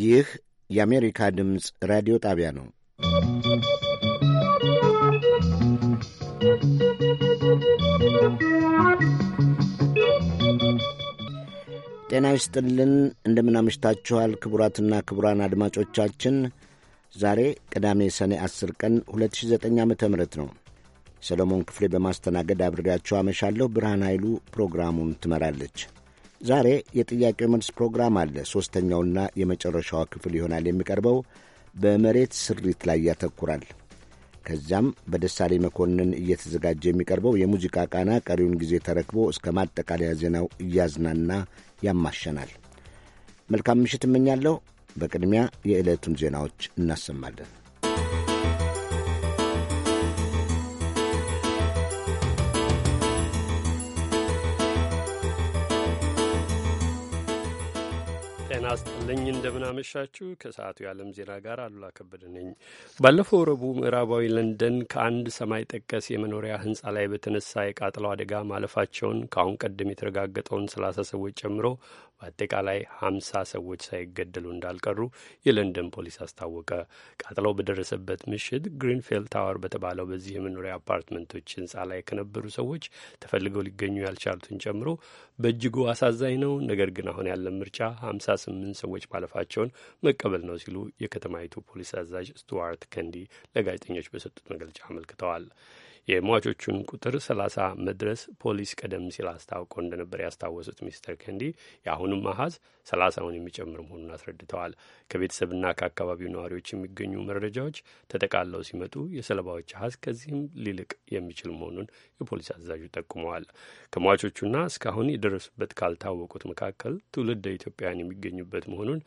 ይህ የአሜሪካ ድምፅ ራዲዮ ጣቢያ ነው። ጤና ይስጥልን። እንደምናመሽታችኋል ክቡራትና ክቡራን አድማጮቻችን ዛሬ ቅዳሜ ሰኔ 10 ቀን 2009 ዓ.ም ነው። ሰሎሞን ክፍሌ በማስተናገድ አብሬያቸው አመሻለሁ። ብርሃን ኃይሉ ፕሮግራሙን ትመራለች። ዛሬ የጥያቄው መልስ ፕሮግራም አለ። ሦስተኛውና የመጨረሻዋ ክፍል ይሆናል የሚቀርበው በመሬት ስሪት ላይ ያተኩራል። ከዚያም በደሳሌ መኮንን እየተዘጋጀ የሚቀርበው የሙዚቃ ቃና ቀሪውን ጊዜ ተረክቦ እስከ ማጠቃለያ ዜናው እያዝናና ያማሸናል። መልካም ምሽት እመኛለሁ። በቅድሚያ የዕለቱን ዜናዎች እናሰማለን። ይስጥልኝ እንደምናመሻችሁ። ከሰዓቱ የዓለም ዜና ጋር አሉላ ከበደ ነኝ። ባለፈው ረቡዕ ምዕራባዊ ለንደን ከአንድ ሰማይ ጠቀስ የመኖሪያ ህንፃ ላይ በተነሳ የቃጠሎ አደጋ ማለፋቸውን ከአሁን ቀደም የተረጋገጠውን ሰላሳ ሰዎች ጨምሮ በአጠቃላይ ሀምሳ ሰዎች ሳይገደሉ እንዳልቀሩ የለንደን ፖሊስ አስታወቀ። ቃጥለው በደረሰበት ምሽት ግሪንፌል ታወር በተባለው በዚህ የመኖሪያ አፓርትመንቶች ህንፃ ላይ ከነበሩ ሰዎች ተፈልገው ሊገኙ ያልቻሉትን ጨምሮ በእጅጉ አሳዛኝ ነው፣ ነገር ግን አሁን ያለን ምርጫ ሀምሳ ስምንት ሰዎች ማለፋቸውን መቀበል ነው ሲሉ የከተማይቱ ፖሊስ አዛዥ ስቱዋርት ከንዲ ለጋዜጠኞች በሰጡት መግለጫ አመልክተዋል። የሟቾቹን ቁጥር ሰላሳ መድረስ ፖሊስ ቀደም ሲል አስታውቆ እንደነበር ያስታወሱት ሚስተር ከንዲ የአሁኑም አሀዝ ሰላሳውን የሚጨምር መሆኑን አስረድተዋል። ከቤተሰብና ከአካባቢው ነዋሪዎች የሚገኙ መረጃዎች ተጠቃለው ሲመጡ የሰለባዎች አሀዝ ከዚህም ሊልቅ የሚችል መሆኑን የፖሊስ አዛዡ ጠቁመዋል። ከሟቾቹና እስካሁን የደረሱበት ካልታወቁት መካከል ትውልደ ኢትዮጵያውያን የሚገኙበት መሆኑን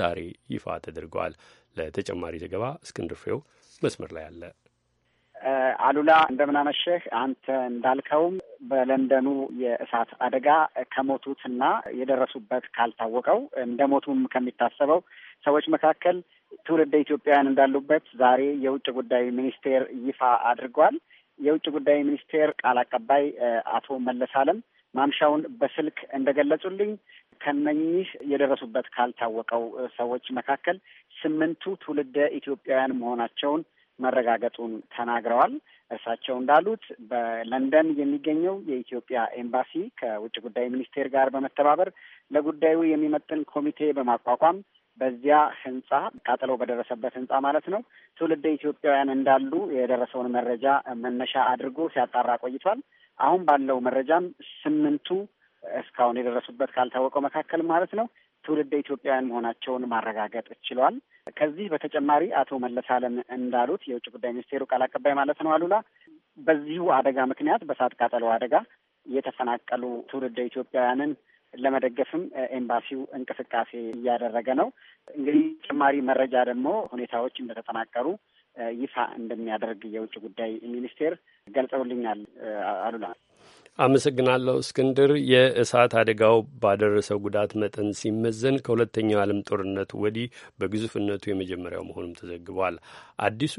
ዛሬ ይፋ ተደርገዋል። ለተጨማሪ ዘገባ እስክንድር ፍሬው መስመር ላይ አለ። አሉላ እንደምናመሸህ። አንተ እንዳልከውም በለንደኑ የእሳት አደጋ ከሞቱትና የደረሱበት ካልታወቀው እንደሞቱም ከሚታሰበው ሰዎች መካከል ትውልደ ኢትዮጵያውያን እንዳሉበት ዛሬ የውጭ ጉዳይ ሚኒስቴር ይፋ አድርጓል። የውጭ ጉዳይ ሚኒስቴር ቃል አቀባይ አቶ መለስ አለም ማምሻውን በስልክ እንደገለጹልኝ ከነኚህ የደረሱበት ካልታወቀው ሰዎች መካከል ስምንቱ ትውልደ ኢትዮጵያውያን መሆናቸውን መረጋገጡን ተናግረዋል። እርሳቸው እንዳሉት በለንደን የሚገኘው የኢትዮጵያ ኤምባሲ ከውጭ ጉዳይ ሚኒስቴር ጋር በመተባበር ለጉዳዩ የሚመጥን ኮሚቴ በማቋቋም በዚያ ህንጻ ቃጠሎ በደረሰበት ህንጻ ማለት ነው ትውልደ ኢትዮጵያውያን እንዳሉ የደረሰውን መረጃ መነሻ አድርጎ ሲያጣራ ቆይቷል። አሁን ባለው መረጃም ስምንቱ እስካሁን የደረሱበት ካልታወቀው መካከል ማለት ነው ትውልደ ኢትዮጵያውያን መሆናቸውን ማረጋገጥ ችለዋል። ከዚህ በተጨማሪ አቶ መለስ አለም እንዳሉት የውጭ ጉዳይ ሚኒስቴሩ ቃል አቀባይ ማለት ነው አሉላ በዚሁ አደጋ ምክንያት በሳት ቃጠሎ አደጋ የተፈናቀሉ ትውልደ ኢትዮጵያውያንን ለመደገፍም ኤምባሲው እንቅስቃሴ እያደረገ ነው። እንግዲህ ተጨማሪ መረጃ ደግሞ ሁኔታዎች እንደተጠናቀሩ ይፋ እንደሚያደርግ የውጭ ጉዳይ ሚኒስቴር ገልጸውልኛል አሉላ። አመሰግናለሁ እስክንድር። የእሳት አደጋው ባደረሰው ጉዳት መጠን ሲመዘን ከሁለተኛው ዓለም ጦርነት ወዲህ በግዙፍነቱ የመጀመሪያው መሆኑም ተዘግቧል። አዲሱ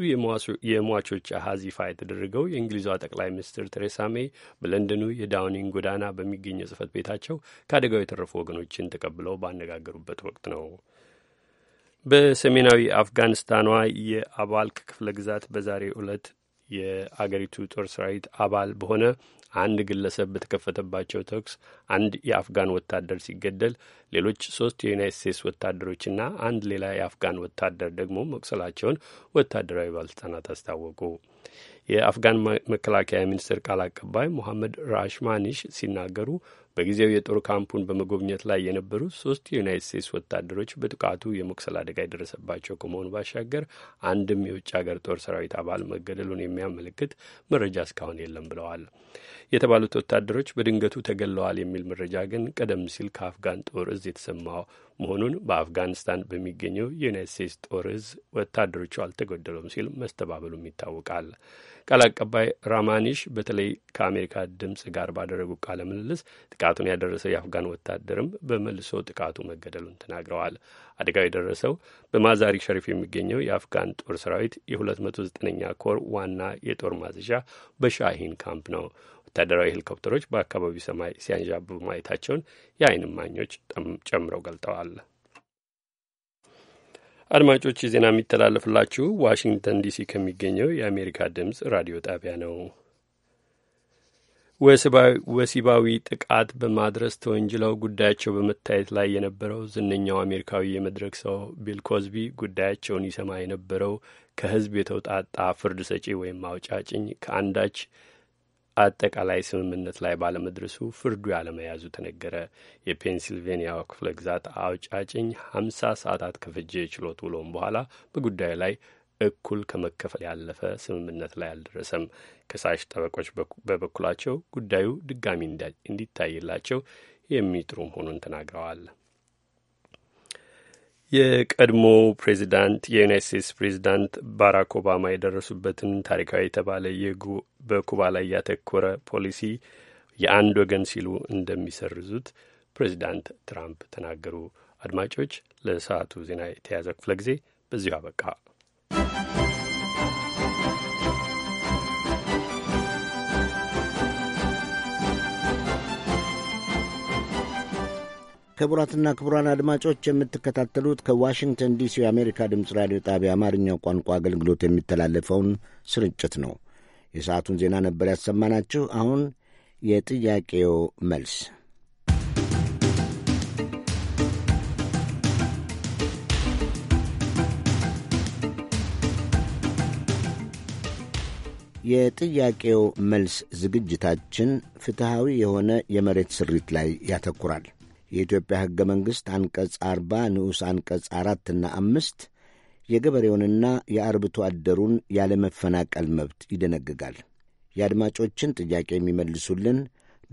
የሟቾች አሀዝ ይፋ የተደረገው የእንግሊዟ ጠቅላይ ሚኒስትር ቴሬሳ ሜይ በለንደኑ የዳውኒንግ ጎዳና በሚገኘው ጽህፈት ቤታቸው ከአደጋው የተረፉ ወገኖችን ተቀብለው ባነጋገሩበት ወቅት ነው። በሰሜናዊ አፍጋኒስታኗ የአባልክ ክፍለ ግዛት በዛሬው ዕለት የአገሪቱ ጦር ሰራዊት አባል በሆነ አንድ ግለሰብ በተከፈተባቸው ተኩስ አንድ የአፍጋን ወታደር ሲገደል ሌሎች ሶስት የዩናይት ስቴትስ ወታደሮችና አንድ ሌላ የአፍጋን ወታደር ደግሞ መቁሰላቸውን ወታደራዊ ባለስልጣናት አስታወቁ። የአፍጋን መከላከያ ሚኒስቴር ቃል አቀባይ ሞሐመድ ራሽማኒሽ ሲናገሩ በጊዜው የጦር ካምፑን በመጎብኘት ላይ የነበሩ ሶስት የዩናይት ስቴትስ ወታደሮች በጥቃቱ የመቁሰል አደጋ የደረሰባቸው ከመሆኑ ባሻገር አንድም የውጭ ሀገር ጦር ሰራዊት አባል መገደሉን የሚያመለክት መረጃ እስካሁን የለም ብለዋል። የተባሉት ወታደሮች በድንገቱ ተገለዋል የሚል መረጃ ግን ቀደም ሲል ከአፍጋን ጦር እዝ የተሰማ መሆኑን በአፍጋኒስታን በሚገኘው የዩናይት ስቴትስ ጦር እዝ ወታደሮቹ አልተገደሉም ሲል መስተባበሉም ይታወቃል። ቃል አቀባይ ራማኒሽ በተለይ ከአሜሪካ ድምፅ ጋር ባደረጉ ቃለ ምልልስ ጥቃቱን ያደረሰው የአፍጋን ወታደርም በመልሶ ጥቃቱ መገደሉን ተናግረዋል። አደጋው የደረሰው በማዛሪ ሸሪፍ የሚገኘው የአፍጋን ጦር ሰራዊት የ209ኛ ኮር ዋና የጦር ማዘዣ በሻሂን ካምፕ ነው። ወታደራዊ ሄሊኮፕተሮች በአካባቢው ሰማይ ሲያንዣብቡ ማየታቸውን የአይን እማኞች ጨምረው ገልጠዋል። አድማጮች ዜና የሚተላለፍላችሁ ዋሽንግተን ዲሲ ከሚገኘው የአሜሪካ ድምፅ ራዲዮ ጣቢያ ነው። ወሲባዊ ጥቃት በማድረስ ተወንጅለው ጉዳያቸው በመታየት ላይ የነበረው ዝነኛው አሜሪካዊ የመድረክ ሰው ቢል ኮዝቢ ጉዳያቸውን ይሰማ የነበረው ከህዝብ የተውጣጣ ፍርድ ሰጪ ወይም አውጫጭኝ ከአንዳች አጠቃላይ ስምምነት ላይ ባለመድረሱ ፍርዱ ያለመያዙ ተነገረ። የፔንሲልቬንያ ክፍለ ግዛት አውጫጭኝ ሀምሳ ሰዓታት ከፈጀ የችሎት ውሎም በኋላ በጉዳዩ ላይ እኩል ከመከፈል ያለፈ ስምምነት ላይ አልደረሰም። ከሳሽ ጠበቆች በበኩላቸው ጉዳዩ ድጋሚ እንዲታይላቸው የሚጥሩ መሆኑን ተናግረዋል። የቀድሞ ፕሬዚዳንት የዩናይት ስቴትስ ፕሬዚዳንት ባራክ ኦባማ የደረሱበትን ታሪካዊ የተባለ በኩባ ላይ ያተኮረ ፖሊሲ የአንድ ወገን ሲሉ እንደሚሰርዙት ፕሬዚዳንት ትራምፕ ተናገሩ። አድማጮች፣ ለሰዓቱ ዜና የተያዘ ክፍለ ጊዜ በዚሁ አበቃ። ክቡራትና ክቡራን አድማጮች የምትከታተሉት ከዋሽንግተን ዲሲ የአሜሪካ ድምፅ ራዲዮ ጣቢያ አማርኛው ቋንቋ አገልግሎት የሚተላለፈውን ስርጭት ነው። የሰዓቱን ዜና ነበር ያሰማናችሁ። አሁን የጥያቄው መልስ የጥያቄው መልስ ዝግጅታችን ፍትሐዊ የሆነ የመሬት ስሪት ላይ ያተኩራል። የኢትዮጵያ ሕገ መንግሥት አንቀጽ አርባ ንዑስ አንቀጽ አራትና አምስት የገበሬውንና የአርብቶ አደሩን ያለመፈናቀል መብት ይደነግጋል። የአድማጮችን ጥያቄ የሚመልሱልን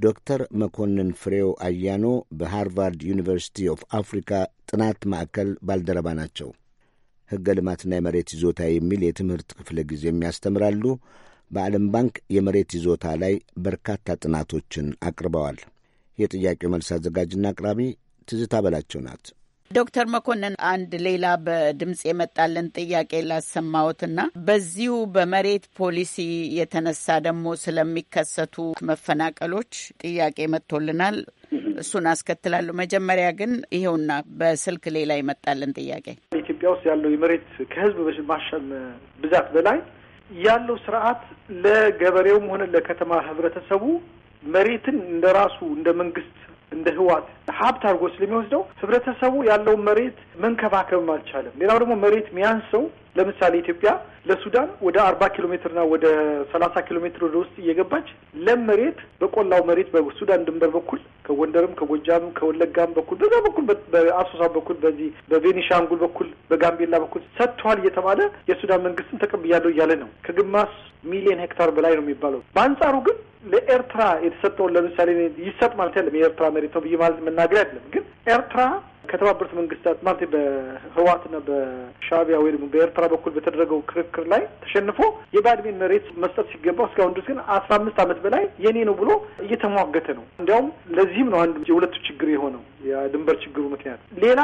ዶክተር መኮንን ፍሬው አያኖ በሃርቫርድ ዩኒቨርሲቲ ኦፍ አፍሪካ ጥናት ማዕከል ባልደረባ ናቸው። ሕገ ልማትና የመሬት ይዞታ የሚል የትምህርት ክፍለ ጊዜም ያስተምራሉ። በዓለም ባንክ የመሬት ይዞታ ላይ በርካታ ጥናቶችን አቅርበዋል። የጥያቄው መልስ አዘጋጅና አቅራቢ ትዝታ በላቸው ናት። ዶክተር መኮንን አንድ ሌላ በድምፅ የመጣልን ጥያቄ ላሰማዎትና በዚሁ በመሬት ፖሊሲ የተነሳ ደግሞ ስለሚከሰቱ መፈናቀሎች ጥያቄ መጥቶልናል። እሱን አስከትላለሁ። መጀመሪያ ግን ይሄውና በስልክ ሌላ ይመጣልን ጥያቄ ኢትዮጵያ ውስጥ ያለው የመሬት ከህዝብ ማሸም ብዛት በላይ ያለው ስርዓት ለገበሬውም ሆነ ለከተማ ህብረተሰቡ መሬትን እንደ ራሱ እንደ መንግስት እንደ ህዋት ሀብት አድርጎ ስለሚወስደው ህብረተሰቡ ያለውን መሬት መንከባከብም አልቻለም። ሌላው ደግሞ መሬት ሚያንስ ሰው ለምሳሌ ኢትዮጵያ ለሱዳን ወደ አርባ ኪሎ ሜትርና ወደ ሰላሳ ኪሎ ሜትር ወደ ውስጥ እየገባች ለም መሬት በቆላው መሬት በሱዳን ድንበር በኩል ከጎንደርም ከጎጃም ከወለጋም በኩል በዛ በኩል በአሶሳ በኩል በዚህ በቬኒሻንጉል በኩል በጋምቤላ በኩል ሰጥተዋል እየተባለ የሱዳን መንግስትን ተቀብያለሁ እያለ ነው። ከግማስ ሚሊዮን ሄክታር በላይ ነው የሚባለው። በአንጻሩ ግን ለኤርትራ የተሰጠውን ለምሳሌ ይሰጥ ማለት ያለም የኤርትራ መሬት ነው ብዬ ማለት መናገር አይደለም። ግን ኤርትራ ከተባበሩት መንግስታት ማለት በህወሓትና በሻቢያ ወይ ደግሞ በኤርትራ በኩል በተደረገው ክርክር ላይ ተሸንፎ የባድሜን መሬት መስጠት ሲገባው እስካሁን ድረስ ግን አስራ አምስት ዓመት በላይ የኔ ነው ብሎ እየተሟገተ ነው። እንዲያውም ለዚህም ነው አንዱ የሁለቱ ችግር የሆነው የድንበር ችግሩ ምክንያት። ሌላ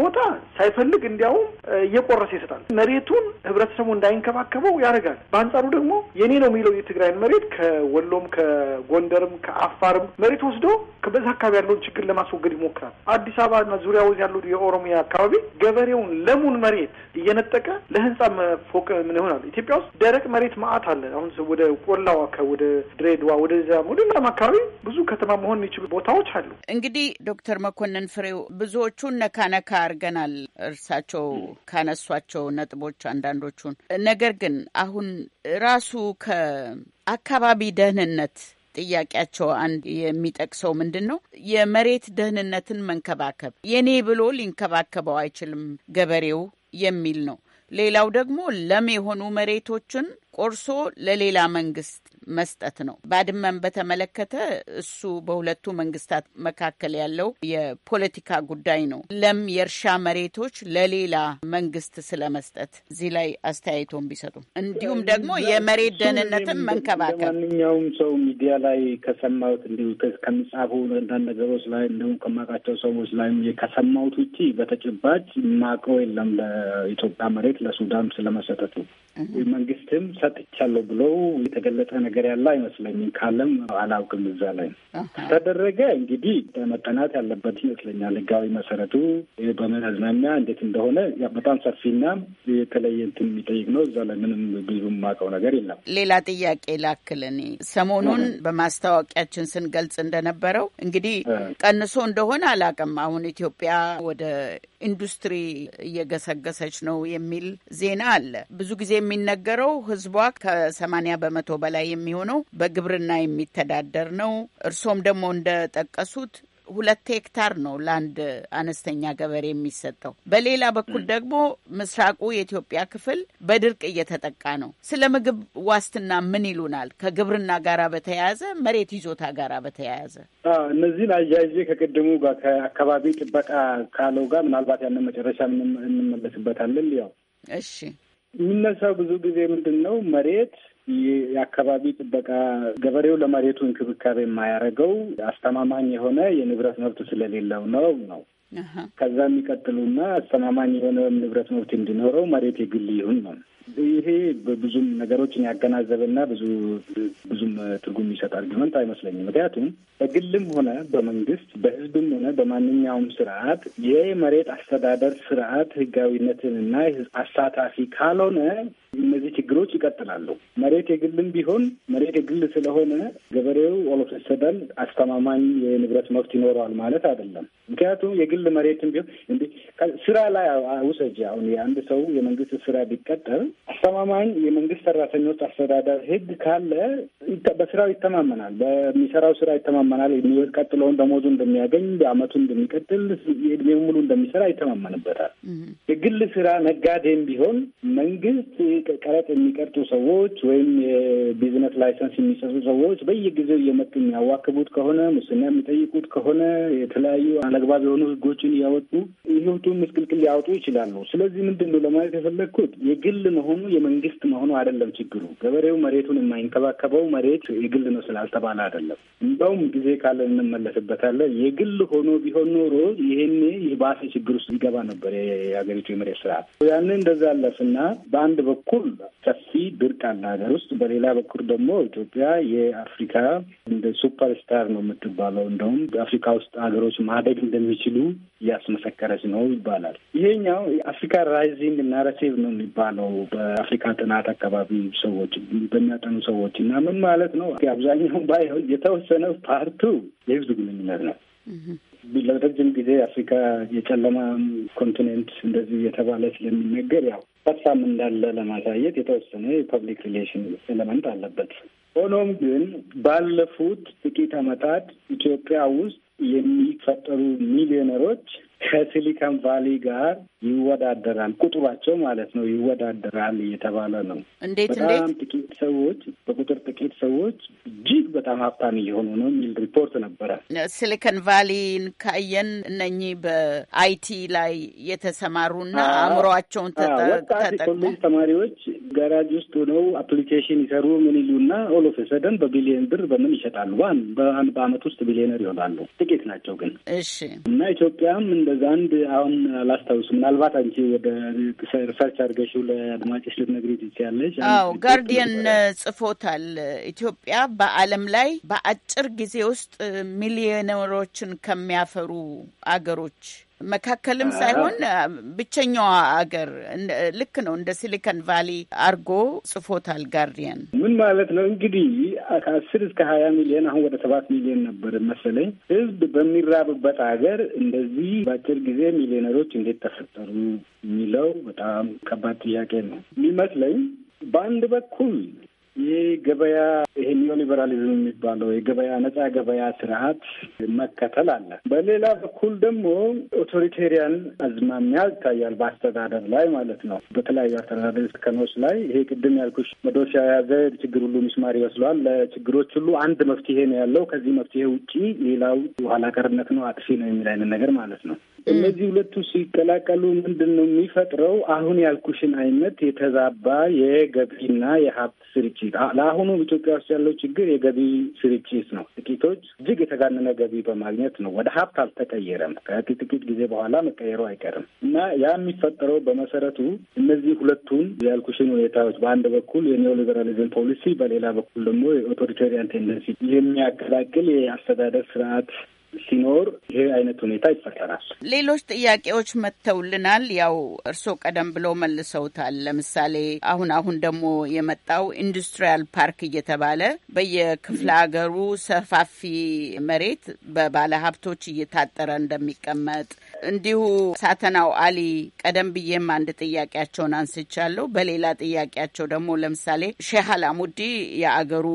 ቦታ ሳይፈልግ እንዲያውም እየቆረሰ ይሰጣል። መሬቱን ህብረተሰቡ እንዳይንከባከበው ያደርጋል። በአንጻሩ ደግሞ የኔ ነው የሚለው የትግራይን መሬት ከወሎም ከጎንደርም ከአፋርም መሬት ወስዶ በዛ አካባቢ ያለውን ችግር ለማስወገድ ይሞክራል። አዲስ አበባና ዙሪያ ሀውዝ ያሉት የኦሮሚያ አካባቢ ገበሬውን ለሙን መሬት እየነጠቀ ለህንጻ ፎቅ ምን ይሆናል? ኢትዮጵያ ውስጥ ደረቅ መሬት ማአት አለ። አሁን ወደ ቆላው ወደ ድሬዳዋ ወደ ወደላም አካባቢ ብዙ ከተማ መሆን የሚችሉ ቦታዎች አሉ። እንግዲህ ዶክተር መኮንን ፍሬው ብዙዎቹን ነካነካ አድርገናል። እርሳቸው ካነሷቸው ነጥቦች አንዳንዶቹን ነገር ግን አሁን ራሱ ከአካባቢ ደህንነት ጥያቄያቸው አንድ የሚጠቅሰው ምንድን ነው የመሬት ደህንነትን መንከባከብ የኔ ብሎ ሊንከባከበው አይችልም ገበሬው የሚል ነው። ሌላው ደግሞ ለም የሆኑ መሬቶችን ቆርሶ ለሌላ መንግስት መስጠት ነው። ባድመን በተመለከተ እሱ በሁለቱ መንግስታት መካከል ያለው የፖለቲካ ጉዳይ ነው። ለም የእርሻ መሬቶች ለሌላ መንግስት ስለመስጠት እዚህ ላይ አስተያየቶን ቢሰጡ፣ እንዲሁም ደግሞ የመሬት ደህንነትን መንከባከብ ማንኛውም ሰው ሚዲያ ላይ ከሰማሁት እንዲሁ ከሚጻፉ አንዳንድ ነገሮች ላይ እንዲሁም ከማውቃቸው ሰዎች ላይ ከሰማሁት ውጭ በተጨባጭ ማውቀው የለም ለኢትዮጵያ መሬት ለሱዳን ስለመሰጠቱ መንግስትም ሰጥቻለሁ ብለው የተገለጠ ነገር ያለ አይመስለኝም። ካለም አላውቅም። እዛ ላይ ከተደረገ እንግዲህ መጠናት ያለበት ይመስለኛል። ህጋዊ መሰረቱ በመዝናኛ እንዴት እንደሆነ በጣም ሰፊና የተለየ እንትን የሚጠይቅ ነው። እዛ ላይ ምንም ብዙ የማውቀው ነገር የለም። ሌላ ጥያቄ ላክል። እኔ ሰሞኑን በማስታወቂያችን ስንገልጽ እንደነበረው እንግዲህ ቀንሶ እንደሆነ አላውቅም። አሁን ኢትዮጵያ ወደ ኢንዱስትሪ እየገሰገሰች ነው የሚል ዜና አለ። ብዙ ጊዜ የሚነገረው ህዝቧ ከሰማንያ በመቶ በላይ የሚሆነው በግብርና የሚተዳደር ነው። እርሶም ደግሞ እንደጠቀሱት ሁለት ሄክታር ነው ለአንድ አነስተኛ ገበሬ የሚሰጠው። በሌላ በኩል ደግሞ ምስራቁ የኢትዮጵያ ክፍል በድርቅ እየተጠቃ ነው። ስለ ምግብ ዋስትና ምን ይሉናል? ከግብርና ጋራ በተያያዘ መሬት ይዞታ ጋራ በተያያዘ እነዚህን አያይዤ ከቅድሙ ከአካባቢ ጥበቃ ካለው ጋር ምናልባት ያንን መጨረሻ እንመለስበታለን። ያው እሺ፣ የሚነሳው ብዙ ጊዜ ምንድን ነው መሬት የአካባቢ ጥበቃ ገበሬው ለመሬቱ እንክብካቤ የማያደርገው አስተማማኝ የሆነ የንብረት መብት ስለሌለው ነው ነው ከዛ የሚቀጥሉና አስተማማኝ የሆነ ንብረት መብት እንዲኖረው መሬት የግል ይሁን ነው ይሄ ብዙም ነገሮችን ያገናዘበና ብዙ ብዙም ትርጉም ይሰጥ አርጊመንት አይመስለኝም። ምክንያቱም በግልም ሆነ በመንግስት በህዝብም ሆነ በማንኛውም ስርዓት የመሬት አስተዳደር ስርዓት ህጋዊነትንና አሳታፊ ካልሆነ እነዚህ ችግሮች ይቀጥላሉ። መሬት የግልም ቢሆን መሬት የግል ስለሆነ ገበሬው ኦሎፍሰደን አስተማማኝ የንብረት መብት ይኖረዋል ማለት አይደለም። ምክንያቱም የግል መሬትም ቢሆን እንዲህ ስራ ላይ ውሰጂ አሁን የአንድ ሰው የመንግስት ስራ ቢቀጠል። አስተማማኝ የመንግስት ሰራተኞች አስተዳደር ህግ ካለ በስራው ይተማመናል፣ በሚሰራው ስራ ይተማመናል። የሚቀጥለውን ደሞዙ እንደሚያገኝ፣ በአመቱ እንደሚቀጥል፣ የእድሜ ሙሉ እንደሚሰራ ይተማመንበታል። የግል ስራ ነጋዴም ቢሆን መንግስት ቀረጥ የሚቀርጡ ሰዎች ወይም የቢዝነስ ላይሰንስ የሚሰጡ ሰዎች በየጊዜው እየመጡ የሚያዋክቡት ከሆነ ሙስና የሚጠይቁት ከሆነ የተለያዩ አለግባብ የሆኑ ህጎችን እያወጡ ህይወቱን ምስቅልቅል ሊያወጡ ይችላሉ። ስለዚህ ምንድን ነው ለማለት የፈለግኩት የግል መሆኑ የመንግስት መሆኑ አይደለም ችግሩ። ገበሬው መሬቱን የማይንከባከበው መሬት የግል ነው ስላልተባለ አይደለም። እንደውም ጊዜ ካለን እንመለስበታለን። የግል ሆኖ ቢሆን ኖሮ ይህኔ የባሰ ችግር ውስጥ ይገባ ነበር የሀገሪቱ የመሬት ስርዓት። ያንን እንደዛ አለፍና በአንድ በኩል ሰፊ ድርቅ አለ ሀገር ውስጥ፣ በሌላ በኩል ደግሞ ኢትዮጵያ የአፍሪካ እንደ ሱፐር ስታር ነው የምትባለው። እንደውም በአፍሪካ ውስጥ ሀገሮች ማደግ እንደሚችሉ እያስመሰከረች ነው ይባላል። ይሄኛው የአፍሪካ ራይዚንግ ናራቲቭ ነው የሚባለው በአፍሪካ ጥናት አካባቢ ሰዎች በሚያጠኑ ሰዎች እና ምን ማለት ነው አብዛኛው ባይሆን የተወሰነ ፓርቱ የህዝብ ግንኙነት ነው። ለረጅም ጊዜ አፍሪካ የጨለማ ኮንቲኔንት እንደዚህ የተባለ ስለሚነገር ያው ተስፋም እንዳለ ለማሳየት የተወሰነ የፐብሊክ ሪሌሽን ኤለመንት አለበት። ሆኖም ግን ባለፉት ጥቂት ዓመታት ኢትዮጵያ ውስጥ የሚፈጠሩ ሚሊዮነሮች ከሲሊከን ቫሊ ጋር ይወዳደራል፣ ቁጥሯቸው ማለት ነው ይወዳደራል እየተባለ ነው። እንዴት በጣም ጥቂት ሰዎች በቁጥር ጥቂት ሰዎች እጅግ በጣም ሀብታም እየሆኑ ነው የሚል ሪፖርት ነበረ። ሲሊከን ቫሊን ካየን እነኚህ በአይቲ ላይ የተሰማሩና አእምሯቸውን ተጠቅመው ተማሪዎች ጋራጅ ውስጥ ሆነው አፕሊኬሽን ይሰሩ ምን ይሉና ኦል ኦፍ ሰደን በቢሊየን ብር በምን ይሸጣሉ። ዋን በአመት ውስጥ ቢሊዮነር ይሆናሉ። ጥቂት ናቸው ግን። እሺ። እና ኢትዮጵያም እንደዛ አንድ አሁን አላስታውሱ፣ ምናልባት አንቺ ወደ ሪሰርች አድርገሽው ለአድማጮች ልትነግሪኝ ትችያለሽ። አዎ ጋርዲየን ጽፎታል። ኢትዮጵያ በዓለም ላይ በአጭር ጊዜ ውስጥ ሚሊዮነሮችን ከሚያፈሩ አገሮች መካከልም ሳይሆን ብቸኛዋ አገር ልክ ነው። እንደ ሲሊከን ቫሊ አርጎ ጽፎታል ጋርዲያን። ምን ማለት ነው እንግዲህ ከአስር እስከ ሀያ ሚሊዮን አሁን ወደ ሰባት ሚሊዮን ነበር መሰለኝ ህዝብ በሚራብበት ሀገር እንደዚህ በአጭር ጊዜ ሚሊዮነሮች እንዴት ተፈጠሩ የሚለው በጣም ከባድ ጥያቄ ነው የሚመስለኝ በአንድ በኩል ይህ ገበያ ይሄ ኒዮሊበራሊዝም የሚባለው የገበያ ነጻ ገበያ ስርዓት መከተል አለ። በሌላ በኩል ደግሞ ኦቶሪቴሪያን አዝማሚያ ይታያል፣ በአስተዳደር ላይ ማለት ነው። በተለያዩ አስተዳደር ስከኖች ላይ ይሄ ቅድም ያልኩሽ መዶሻ የያዘ ችግር ሁሉ ሚስማር ይመስለዋል። ለችግሮች ሁሉ አንድ መፍትሄ ነው ያለው። ከዚህ መፍትሄ ውጪ ሌላው ኋላ ቀርነት ነው፣ አጥፊ ነው የሚል አይነት ነገር ማለት ነው። እነዚህ ሁለቱ ሲቀላቀሉ ምንድን ነው የሚፈጥረው? አሁን ያልኩሽን አይነት የተዛባ የገቢና የሀብት ስርጭት ለአሁኑ ኢትዮጵያ ውስጥ ያለው ችግር የገቢ ስርጭት ነው። ጥቂቶች እጅግ የተጋነነ ገቢ በማግኘት ነው። ወደ ሀብት አልተቀየረም። ከጥቂት ጊዜ በኋላ መቀየሩ አይቀርም እና ያ የሚፈጠረው በመሰረቱ እነዚህ ሁለቱን የአልኩሽን ሁኔታዎች በአንድ በኩል የኒኦሊበራሊዝም ፖሊሲ፣ በሌላ በኩል ደግሞ የኦቶሪቴሪያን ቴንደንሲ የሚያቀላቅል የአስተዳደር ስርዓት ሲኖር ይሄ አይነት ሁኔታ ይፈጠራል። ሌሎች ጥያቄዎች መጥተውልናል። ያው እርስዎ ቀደም ብለው መልሰውታል። ለምሳሌ አሁን አሁን ደግሞ የመጣው ኢንዱስትሪያል ፓርክ እየተባለ በየክፍለ ሀገሩ ሰፋፊ መሬት በባለ ሀብቶች እየታጠረ እንደሚቀመጥ እንዲሁ ሳተናው አሊ ቀደም ብዬም አንድ ጥያቄያቸውን አንስቻለሁ። በሌላ ጥያቄያቸው ደግሞ ለምሳሌ ሼህ አላሙዲ የአገሩ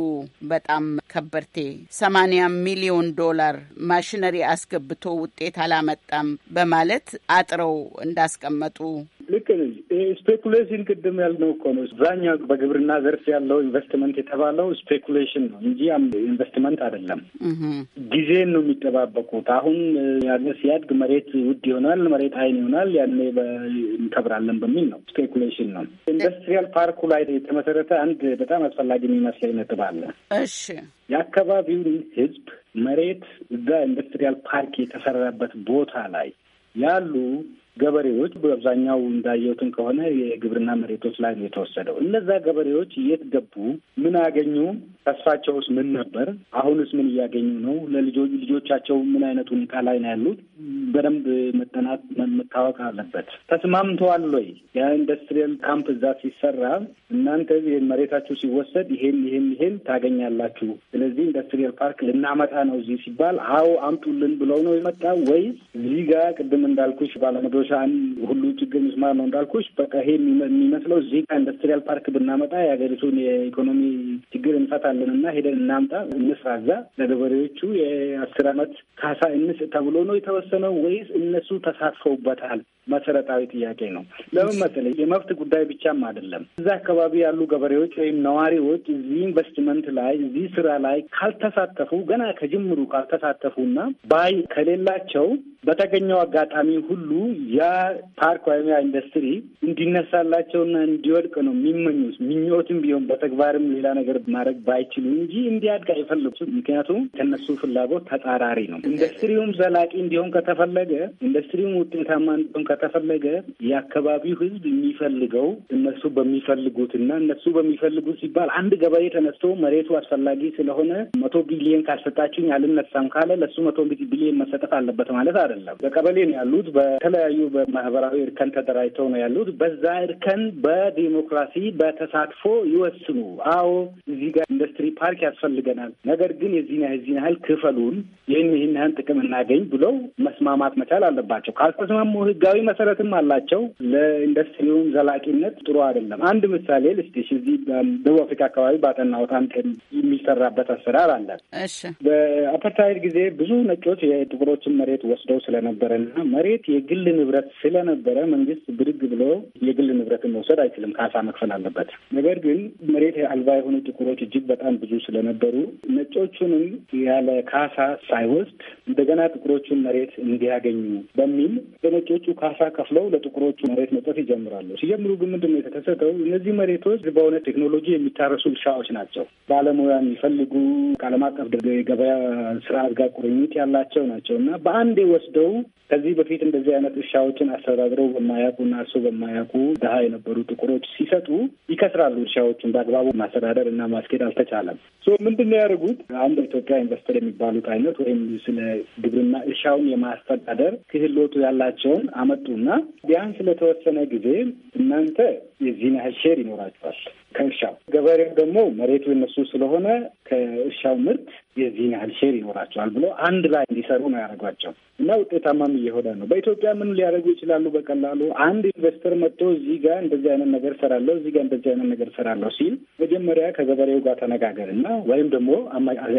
በጣም ከበርቴ ሰማኒያ ሚሊዮን ዶላር ማሽነሪ አስገብቶ ውጤት አላመጣም በማለት አጥረው እንዳስቀመጡ ልክ ነኝ። ስፔኩሌሽን ቅድም ያልነው እኮ ነው። አብዛኛው በግብርና ዘርፍ ያለው ኢንቨስትመንት የተባለው ስፔኩሌሽን ነው እንጂ ኢንቨስትመንት አይደለም። ጊዜን ነው የሚጠባበቁት። አሁን ያለ ሲያድግ መሬት ውድ ይሆናል፣ መሬት አይን ይሆናል፣ ያኔ እንከብራለን በሚል ነው። ስፔኩሌሽን ነው። ኢንዱስትሪያል ፓርኩ ላይ የተመሰረተ አንድ በጣም አስፈላጊ የሚመስለኝ ነጥብ አለ። እሺ የአካባቢውን ህዝብ መሬት እዛ ኢንዱስትሪያል ፓርክ የተሰራበት ቦታ ላይ ያሉ ገበሬዎች በአብዛኛው እንዳየሁትን ከሆነ የግብርና መሬቶች ላይ ነው የተወሰደው። እነዛ ገበሬዎች የት ገቡ? ምን አገኙ? ተስፋቸውስ ምን ነበር? አሁንስ ምን እያገኙ ነው? ለልጆቻቸው ልጆቻቸው ምን አይነት ሁኔታ ላይ ነው ያሉት? በደንብ መጠናት መታወቅ አለበት። ተስማምተዋል ወይ? የኢንዱስትሪያል ካምፕ እዛ ሲሰራ እናንተ መሬታችሁ ሲወሰድ ይሄን ይሄን ይሄን ታገኛላችሁ፣ ስለዚህ ኢንዱስትሪያል ፓርክ ልናመጣ ነው እዚህ ሲባል አዎ አምጡልን ብለው ነው የመጣ ወይስ እዚህ ጋር ቅድም እንዳልኩሽ ባለመዶች መጨረሻም ሁሉ ችግር ምስማር ነው እንዳልኩሽ። በቃ ይሄ የሚመስለው እዚህ ኢንዱስትሪያል ፓርክ ብናመጣ የሀገሪቱን የኢኮኖሚ ችግር እንፈታለን እና ሄደን እናምጣ እንስራ፣ እዛ ለገበሬዎቹ የአስር አመት ካሳ እንስ ተብሎ ነው የተወሰነው ወይስ እነሱ ተሳትፈውበታል? መሰረታዊ ጥያቄ ነው። ለምን መሰለኝ የመብት ጉዳይ ብቻም አይደለም። እዛ አካባቢ ያሉ ገበሬዎች ወይም ነዋሪዎች እዚህ ኢንቨስትመንት ላይ እዚህ ስራ ላይ ካልተሳተፉ ገና ከጅምሩ ካልተሳተፉና ባይ ከሌላቸው በተገኘው አጋጣሚ ሁሉ ያ ፓርክ ወይም ያ ኢንዱስትሪ እንዲነሳላቸውና እንዲወድቅ ነው የሚመኙት። ምኞትም ቢሆን በተግባርም ሌላ ነገር ማድረግ ባይችሉ እንጂ እንዲያድግ አይፈለጉም። ምክንያቱም ከነሱ ፍላጎት ተጻራሪ ነው። ኢንዱስትሪውም ዘላቂ እንዲሆን ከተፈለገ፣ ኢንዱስትሪውም ውጤታማ እንዲሆን ከተፈለገ የአካባቢው ሕዝብ የሚፈልገው እነሱ በሚፈልጉት እና እነሱ በሚፈልጉት ሲባል አንድ ገበሬ ተነስቶ መሬቱ አስፈላጊ ስለሆነ መቶ ቢሊየን ካልሰጣችሁኝ አልነሳም ካለ ለሱ መቶ ቢሊየን መሰጠት አለበት ማለት አይደለም። በቀበሌ ነው ያሉት። በተለያዩ በማህበራዊ እርከን ተደራጅተው ነው ያሉት። በዛ እርከን በዲሞክራሲ በተሳትፎ ይወስኑ። አዎ እዚህ ጋር ኢንዱስትሪ ፓርክ ያስፈልገናል፣ ነገር ግን የዚህን የዚህን ያህል ክፈሉን፣ ይህን ይህን ያህል ጥቅም እናገኝ ብለው መስማማት መቻል አለባቸው። ካልተስማሙ ህጋዊ መሰረትም አላቸው። ለኢንዱስትሪውም ዘላቂነት ጥሩ አይደለም። አንድ ምሳሌ ልስጥሽ። እዚህ ደቡብ አፍሪካ አካባቢ ባጠናሁት አንድ የሚሰራበት አሰራር አለ። በአፓርታይድ ጊዜ ብዙ ነጮች የጥቁሮችን መሬት ወስደው ስለነበረ እና መሬት የግል ንብረት ስለነበረ መንግስት ብድግ ብሎ የግል ንብረትን መውሰድ አይችልም፣ ካሳ መክፈል አለበት። ነገር ግን መሬት አልባ የሆኑ ጥቁሮች እጅግ በጣም ብዙ ስለነበሩ ነጮቹንም ያለ ካሳ ሳይወስድ እንደገና ጥቁሮቹን መሬት እንዲያገኙ በሚል ለነጮቹ ካሳ ከፍለው ለጥቁሮቹ መሬት መውጠት ይጀምራሉ። ሲጀምሩ ግን ምንድን ነው የተከሰተው? እነዚህ መሬቶች በሆነ ቴክኖሎጂ የሚታረሱ እርሻዎች ናቸው። ባለሙያ የሚፈልጉ ከዓለም አቀፍ ገበያ ስርዓት ጋር ቁርኝት ያላቸው ናቸው እና በአንዴ ወስ ወስደው ከዚህ በፊት እንደዚህ አይነት እርሻዎችን አስተዳድረው እና እርሶ በማያውቁ ድሀ የነበሩ ጥቁሮች ሲሰጡ ይከስራሉ። እርሻዎችን በአግባቡ ማስተዳደር እና ማስኬድ አልተቻለም። ምንድን ነው ያደርጉት? አንድ ኢትዮጵያ ኢንቨስተር የሚባሉት አይነት ወይም ስለ ግብርና እርሻውን የማስተዳደር ክህሎቱ ያላቸውን አመጡና ቢያንስ ለተወሰነ ጊዜ እናንተ የዚህን ያህል ሼር ይኖራቸዋል ከእርሻው ገበሬው ደግሞ መሬቱ የነሱ ስለሆነ ከእርሻው ምርት የዚህን ያህል ሼር ይኖራቸዋል ብሎ አንድ ላይ እንዲሰሩ ነው ያደረጓቸው እና ውጤታማም እየሆነ ነው። በኢትዮጵያ ምን ሊያደርጉ ይችላሉ? በቀላሉ አንድ ኢንቨስተር መጥቶ እዚህ ጋር እንደዚህ አይነት ነገር ሰራለሁ፣ እዚህ ጋር እንደዚህ አይነት ነገር ሰራለሁ ሲል መጀመሪያ ከገበሬው ጋር ተነጋገርና ወይም ደግሞ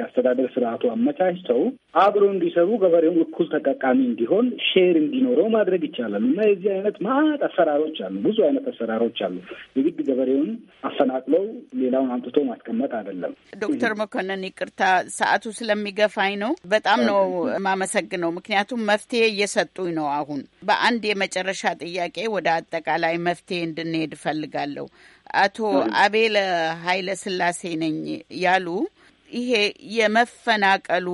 አስተዳደር ስርዓቱ አመቻችተው አብሮ እንዲሰሩ ገበሬውን እኩል ተጠቃሚ እንዲሆን ሼር እንዲኖረው ማድረግ ይቻላል እና የዚህ አይነት ማት አሰራሮች አሉ፣ ብዙ አይነት አሰራሮች አሉ። የግድ ገበሬውን አፈና አቀላቅለው ሌላውን አምጥቶ ማስቀመጥ አይደለም። ዶክተር መኮንን ይቅርታ ሰዓቱ ስለሚገፋኝ ነው። በጣም ነው የማመሰግነው። ምክንያቱም መፍትሄ እየሰጡኝ ነው። አሁን በአንድ የመጨረሻ ጥያቄ ወደ አጠቃላይ መፍትሄ እንድንሄድ እፈልጋለሁ። አቶ አቤለ ኃይለ ስላሴ ነኝ ያሉ ይሄ የመፈናቀሉ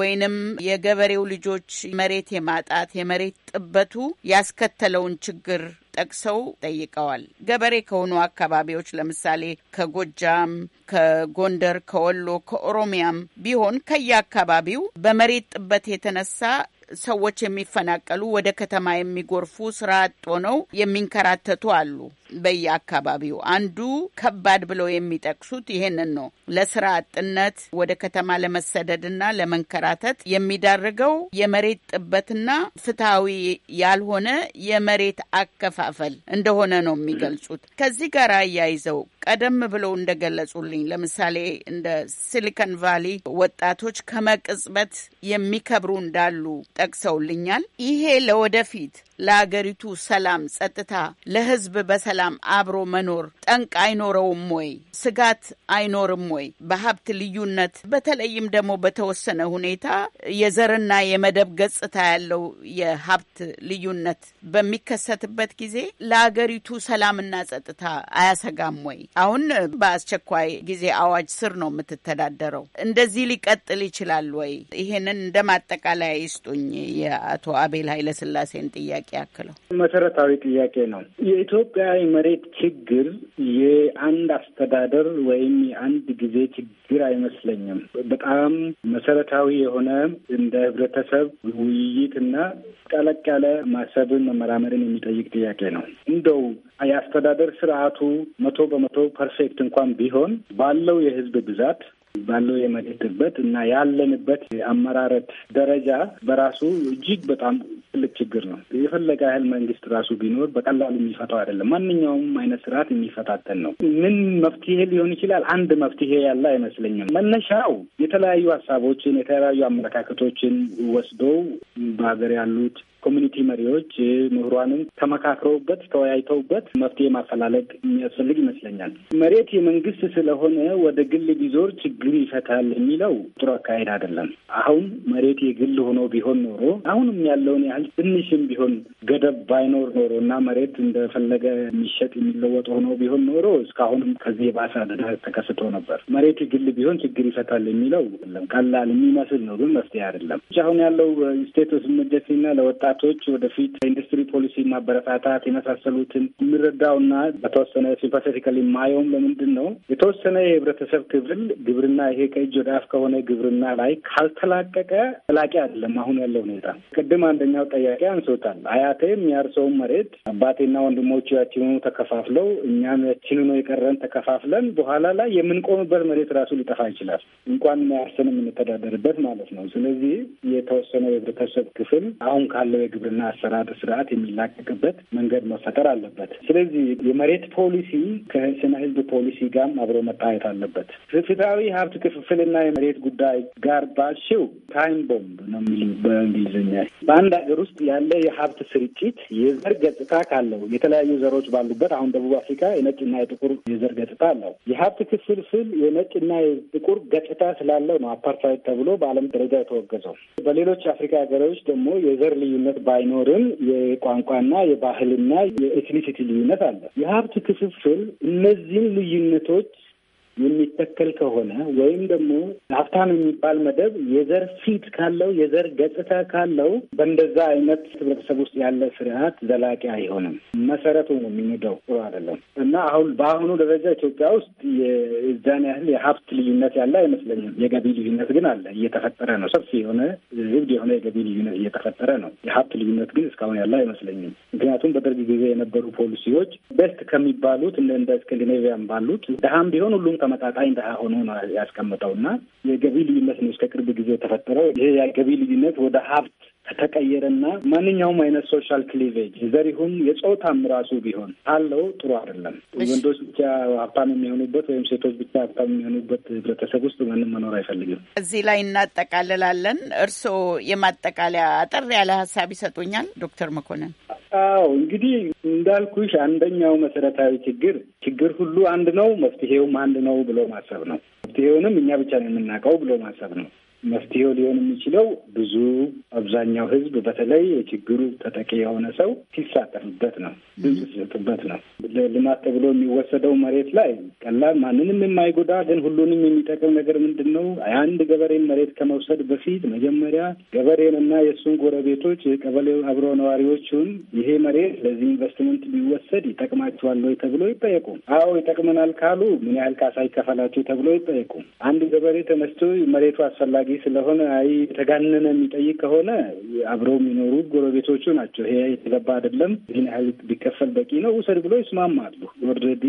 ወይንም የገበሬው ልጆች መሬት የማጣት የመሬት ጥበቱ ያስከተለውን ችግር ጠቅሰው ጠይቀዋል። ገበሬ ከሆኑ አካባቢዎች ለምሳሌ ከጎጃም፣ ከጎንደር፣ ከወሎ፣ ከኦሮሚያም ቢሆን ከየአካባቢው በመሬት ጥበት የተነሳ ሰዎች የሚፈናቀሉ ወደ ከተማ የሚጎርፉ ስራ አጥ ሆነው የሚንከራተቱ አሉ። በየአካባቢው አንዱ ከባድ ብለው የሚጠቅሱት ይሄንን ነው። ለስራ አጥነት፣ ወደ ከተማ ለመሰደድና ለመንከራተት የሚዳርገው የመሬት ጥበትና ፍትሐዊ ያልሆነ የመሬት አከፋፈል እንደሆነ ነው የሚገልጹት። ከዚህ ጋር አያይዘው ቀደም ብለው እንደገለጹልኝ ለምሳሌ እንደ ሲሊከን ቫሊ ወጣቶች ከመቅጽበት የሚከብሩ እንዳሉ ጠቅሰውልኛል። ይሄ ለወደፊት ለአገሪቱ ሰላም፣ ጸጥታ፣ ለህዝብ በሰላም በሰላም አብሮ መኖር ጠንቅ አይኖረውም ወይ? ስጋት አይኖርም ወይ? በሀብት ልዩነት በተለይም ደግሞ በተወሰነ ሁኔታ የዘርና የመደብ ገጽታ ያለው የሀብት ልዩነት በሚከሰትበት ጊዜ ለአገሪቱ ሰላምና ጸጥታ አያሰጋም ወይ? አሁን በአስቸኳይ ጊዜ አዋጅ ስር ነው የምትተዳደረው። እንደዚህ ሊቀጥል ይችላል ወይ? ይሄንን እንደ ማጠቃለያ ይስጡኝ። የአቶ አቤል ኃይለስላሴን ጥያቄ ያክለው መሰረታዊ ጥያቄ ነው የኢትዮጵያ መሬት ችግር የአንድ አስተዳደር ወይም የአንድ ጊዜ ችግር አይመስለኝም። በጣም መሰረታዊ የሆነ እንደ ህብረተሰብ ውይይትና ጠለቅ ያለ ማሰብን መመራመርን የሚጠይቅ ጥያቄ ነው። እንደው የአስተዳደር ስርዓቱ መቶ በመቶ ፐርፌክት እንኳን ቢሆን ባለው የህዝብ ብዛት ባለው የመድህትበት እና ያለንበት አመራረት ደረጃ በራሱ እጅግ በጣም ትልቅ ችግር ነው። የፈለገ ያህል መንግስት ራሱ ቢኖር በቀላሉ የሚፈታው አይደለም። ማንኛውም አይነት ስርዓት የሚፈታተን ነው። ምን መፍትሄ ሊሆን ይችላል? አንድ መፍትሄ ያለ አይመስለኝም። መነሻው የተለያዩ ሀሳቦችን የተለያዩ አመለካከቶችን ወስዶ በሀገር ያሉት ኮሚኒቲ መሪዎች ምሁሯንም ተመካክረውበት ተወያይተውበት መፍትሄ ማፈላለግ የሚያስፈልግ ይመስለኛል። መሬት የመንግስት ስለሆነ ወደ ግል ቢዞር ችግር ይፈታል የሚለው ጥሩ አካሄድ አይደለም። አሁን መሬት የግል ሆኖ ቢሆን ኖሮ አሁንም ያለውን ያህል ትንሽም ቢሆን ገደብ ባይኖር ኖሮ እና መሬት እንደፈለገ የሚሸጥ የሚለወጥ ሆኖ ቢሆን ኖሮ እስካሁንም ከዚህ የባሰ አደጋ ተከስቶ ነበር። መሬት የግል ቢሆን ችግር ይፈታል የሚለው ቀላል የሚመስል ነው፣ ግን መፍትሄ አይደለም። አሁን ያለው ስቴትስ ምደሴና ለወጣ ወጣቶች ወደፊት ኢንዱስትሪ ፖሊሲ ማበረታታት የመሳሰሉትን የሚረዳውና በተወሰነ ሲምፓቴቲካሊ ማየውም ለምንድን ነው የተወሰነ የህብረተሰብ ክፍል ግብርና ይሄ ከእጅ ወደ አፍ ከሆነ ግብርና ላይ ካልተላቀቀ ጥላቂ አይደለም አሁን ያለው ሁኔታ። ቅድም አንደኛው ጥያቄ አንሶታል። አያቴ የሚያርሰውን መሬት አባቴና ወንድሞቹ ያችኑ ተከፋፍለው እኛም ነው የቀረን ተከፋፍለን በኋላ ላይ የምንቆምበት መሬት ራሱ ሊጠፋ ይችላል፣ እንኳን ያርሰን የምንተዳደርበት ማለት ነው። ስለዚህ የተወሰነ የህብረተሰብ ክፍል አሁን ካለው የግብርና አሰራር ስርዓት የሚላቀቅበት መንገድ መፈጠር አለበት። ስለዚህ የመሬት ፖሊሲ ከስነ ህዝብ ፖሊሲ ጋርም አብሮ መታየት አለበት። ፍትሐዊ ሀብት ክፍፍልና የመሬት ጉዳይ ጋር ባሽው ታይም ቦምብ ነው የሚሉ በእንግሊዝኛ። በአንድ ሀገር ውስጥ ያለ የሀብት ስርጭት የዘር ገጽታ ካለው የተለያዩ ዘሮች ባሉበት አሁን ደቡብ አፍሪካ የነጭና የጥቁር የዘር ገጽታ አለው። የሀብት ክፍልፍል የነጭና የጥቁር ገጽታ ስላለው ነው አፓርታይድ ተብሎ በዓለም ደረጃ የተወገዘው። በሌሎች አፍሪካ ሀገሮች ደግሞ የዘር ልዩነት ልዩነት ባይኖርም የቋንቋና የባህልና የኤትኒሲቲ ልዩነት አለ። የሀብት ክፍፍል እነዚህም ልዩነቶች የሚተከል ከሆነ ወይም ደግሞ ሀብታም የሚባል መደብ የዘር ፊት ካለው የዘር ገጽታ ካለው በእንደዛ አይነት ህብረተሰብ ውስጥ ያለ ስርዓት ዘላቂ አይሆንም። መሰረቱ የሚንደው ጥሩ አይደለም እና አሁን በአሁኑ ደረጃ ኢትዮጵያ ውስጥ የዛን ያህል የሀብት ልዩነት ያለ አይመስለኝም። የገቢ ልዩነት ግን አለ፣ እየተፈጠረ ነው። ሰፊ የሆነ ህብድ የሆነ የገቢ ልዩነት እየተፈጠረ ነው። የሀብት ልዩነት ግን እስካሁን ያለ አይመስለኝም። ምክንያቱም በደርግ ጊዜ የነበሩ ፖሊሲዎች ቤስት ከሚባሉት እንደ ስካንዲኔቪያን ባሉት ድሀም ቢሆን ሁሉም ተመጣጣኝ ሆኖ ያስቀምጠውና እና የገቢ ልዩነት ነው እስከ ቅርብ ጊዜ የተፈጠረው። ይሄ የገቢ ልዩነት ወደ ሀብት ከተቀየረና ማንኛውም አይነት ሶሻል ክሊቬጅ ዘር ይሁን የጾታም ራሱ ቢሆን አለው ጥሩ አይደለም። ወንዶች ብቻ ሀብታም የሚሆኑበት ወይም ሴቶች ብቻ ሀብታም የሚሆኑበት ህብረተሰብ ውስጥ ማንም መኖር አይፈልግም። እዚህ ላይ እናጠቃልላለን። እርስዎ የማጠቃለያ አጠር ያለ ሀሳብ ይሰጡኛል ዶክተር መኮንን? አዎ እንግዲህ እንዳልኩሽ አንደኛው መሰረታዊ ችግር ችግር ሁሉ አንድ ነው፣ መፍትሄውም አንድ ነው ብሎ ማሰብ ነው። መፍትሄውንም እኛ ብቻ ነው የምናውቀው ብሎ ማሰብ ነው። መፍትሄው ሊሆን የሚችለው ብዙ አብዛኛው ህዝብ በተለይ የችግሩ ተጠቂ የሆነ ሰው ሲሳተፍበት ነው፣ ድምፅ ሲሰጥበት ነው። ለልማት ተብሎ የሚወሰደው መሬት ላይ ቀላል ማንንም የማይጎዳ ግን ሁሉንም የሚጠቅም ነገር ምንድን ነው? አንድ ገበሬን መሬት ከመውሰድ በፊት መጀመሪያ ገበሬን እና የእሱን ጎረቤቶች የቀበሌው አብሮ ነዋሪዎቹን ይሄ መሬት ለዚህ ኢንቨስትመንት ቢወሰድ ይጠቅማችኋል ወይ ተብሎ ይጠየቁ። አዎ ይጠቅመናል ካሉ ምን ያህል ካሳ ይከፈላቸው ተብሎ ይጠየቁ። አንድ ገበሬ ተነስቶ መሬቱ አስፈላጊ እንዲህ ስለሆነ አይ የተጋነነ የሚጠይቅ ከሆነ አብረው የሚኖሩ ጎረቤቶቹ ናቸው። ይሄ የተገባ አይደለም፣ ይህን ያህል ቢከፈል በቂ ነው ውሰድ ብሎ ይስማማሉ። ኦልሬዲ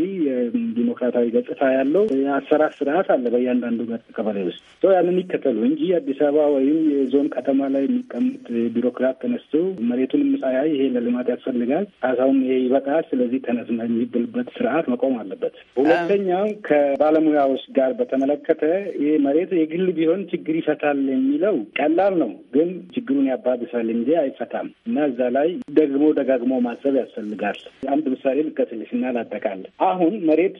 ዲሞክራታዊ ገጽታ ያለው የአሰራር ስርዓት አለ በእያንዳንዱ ቀበሌ ውስጥ ሰው ያንን ይከተሉ እንጂ አዲስ አበባ ወይም የዞን ከተማ ላይ የሚቀምጥ ቢሮክራት ተነስቶ መሬቱን ምሳያ ይሄ ለልማት ያስፈልጋል፣ ካሳውም ይሄ ይበቃል፣ ስለዚህ ተነስ የሚብልበት ስርዓት መቆም አለበት። ሁለተኛው ከባለሙያዎች ጋር በተመለከተ ይህ መሬት የግል ቢሆን ችግር ይፈ ይፈታል የሚለው ቀላል ነው፣ ግን ችግሩን ያባብሳል እንጂ አይፈታም እና እዛ ላይ ደግሞ ደጋግሞ ማሰብ ያስፈልጋል። አንድ ምሳሌ እና ላጠቃል። አሁን መሬት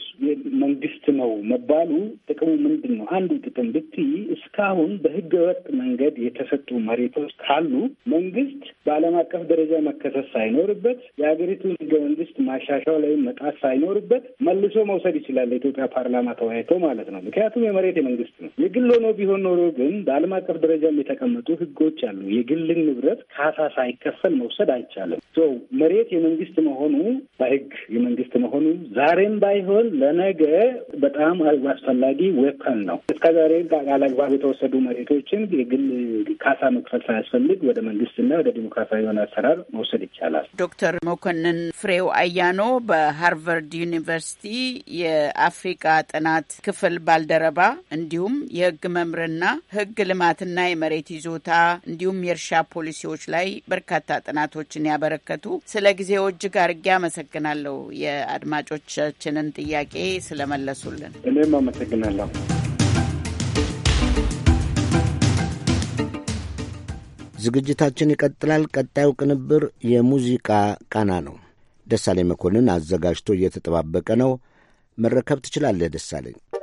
መንግስት ነው መባሉ ጥቅሙ ምንድን ነው? አንዱ ጥቅም ብትይ እስካሁን በህገ ወጥ መንገድ የተሰጡ መሬቶች ካሉ መንግስት በዓለም አቀፍ ደረጃ መከሰስ ሳይኖርበት የሀገሪቱን ህገ መንግስት ማሻሻው ላይ መጣት ሳይኖርበት መልሶ መውሰድ ይችላል። ለኢትዮጵያ ፓርላማ ተወያይቶ ማለት ነው። ምክንያቱም የመሬት የመንግስት ነው። የግል ሆኖ ቢሆን ኖሮ ግን በዓለም አቀፍ ደረጃም የተቀመጡ ህጎች አሉ። የግልን ንብረት ካሳ ሳይከፈል መውሰድ አይቻልም። መሬት የመንግስት መሆኑ በህግ የመንግስት መሆኑ ዛሬም ባይሆን ለነገ በጣም አስፈላጊ ወፐን ነው። እስከ ዛሬ አላግባብ የተወሰዱ መሬቶችን የግል ካሳ መክፈል ሳያስፈልግ ወደ መንግስትና ወደ ዲሞክራሲያዊ የሆነ አሰራር መውሰድ ይቻላል። ዶክተር መኮንን ፍሬው አያኖ በሃርቨርድ ዩኒቨርሲቲ የአፍሪካ ጥናት ክፍል ባልደረባ እንዲሁም የህግ መምህርና በሕግ ልማትና የመሬት ይዞታ እንዲሁም የእርሻ ፖሊሲዎች ላይ በርካታ ጥናቶችን ያበረከቱ ስለ ጊዜው እጅግ አድርጌ አመሰግናለሁ። የአድማጮቻችንን ጥያቄ ስለመለሱልን እኔም አመሰግናለሁ። ዝግጅታችን ይቀጥላል። ቀጣዩ ቅንብር የሙዚቃ ቃና ነው። ደሳሌ መኮንን አዘጋጅቶ እየተጠባበቀ ነው። መረከብ ትችላለህ ደሳለኝ።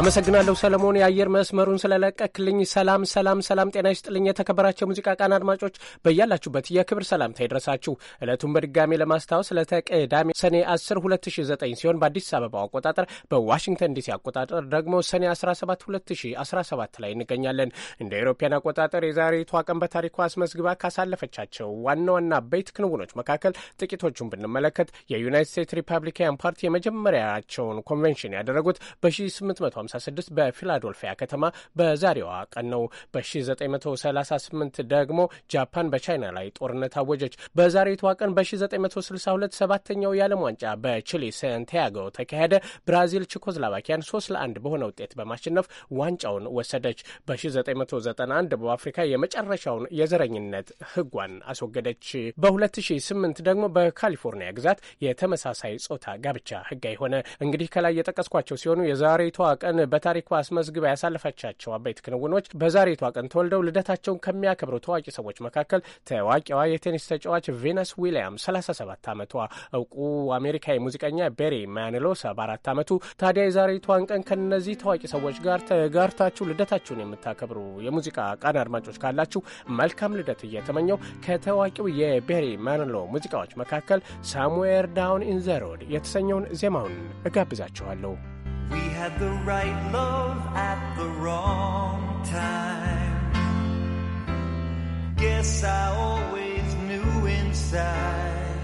አመሰግናለሁ ሰለሞን፣ የአየር መስመሩን ስለለቀክልኝ። ሰላም ሰላም ሰላም፣ ጤና ይስጥልኝ። የተከበራቸው የሙዚቃ ቃና አድማጮች በያላችሁበት የክብር ሰላምታ ይድረሳችሁ። ዕለቱን በድጋሜ ለማስታወስ ለተቀዳሜ ሰኔ 10 2009 ሲሆን በአዲስ አበባው አቆጣጠር፣ በዋሽንግተን ዲሲ አቆጣጠር ደግሞ ሰኔ 17 2017 ላይ እንገኛለን። እንደ አውሮፓውያን አቆጣጠር የዛሬቷ ቀን በታሪኳ አስመዝግባ ካሳለፈቻቸው ዋና ዋና አበይት ክንውኖች መካከል ጥቂቶቹን ብንመለከት የዩናይትድ ስቴትስ ሪፐብሊካን ፓርቲ የመጀመሪያቸውን ኮንቬንሽን ያደረጉት በ 1956 በፊላዶልፊያ ከተማ በዛሬዋ ቀን ነው። በ1938 ደግሞ ጃፓን በቻይና ላይ ጦርነት አወጀች። በዛሬቷ ቀን በ1962 ሰባተኛው የዓለም ዋንጫ በቺሊ ሳንቲያጎ ተካሄደ። ብራዚል ቼኮስሎቫኪያን 3 ለአንድ በሆነ ውጤት በማሸነፍ ዋንጫውን ወሰደች። በ1991 ደቡብ አፍሪካ የመጨረሻውን የዘረኝነት ህጓን አስወገደች። በ2008 ደግሞ በካሊፎርኒያ ግዛት የተመሳሳይ ጾታ ጋብቻ ሕጋዊ ሆነ። እንግዲህ ከላይ የጠቀስኳቸው ሲሆኑ የዛሬቷ ቀን በታሪኩ አስመዝግባ ያሳለፈቻቸው አበይት ክንውኖች በዛሬቷ ቀን ተወልደው ልደታቸውን ከሚያከብሩ ታዋቂ ሰዎች መካከል ታዋቂዋ የቴኒስ ተጫዋች ቬነስ ዊሊያም 37 ዓመቷ፣ እውቁ አሜሪካዊ ሙዚቀኛ ቤሪ ማኒሎሳ 74 ዓመቱ። ታዲያ የዛሬቷን ቀን ከነዚህ ታዋቂ ሰዎች ጋር ተጋርታችሁ ልደታችሁን የምታከብሩ የሙዚቃ ቀን አድማጮች ካላችሁ መልካም ልደት እየተመኘው ከታዋቂው የቤሪ ማኒሎ ሙዚቃዎች መካከል ሳምዌር ዳውን ኢን ዘ ሮድ የተሰኘውን ዜማውን እጋብዛችኋለሁ። We had the right love at the wrong time. Guess I always knew inside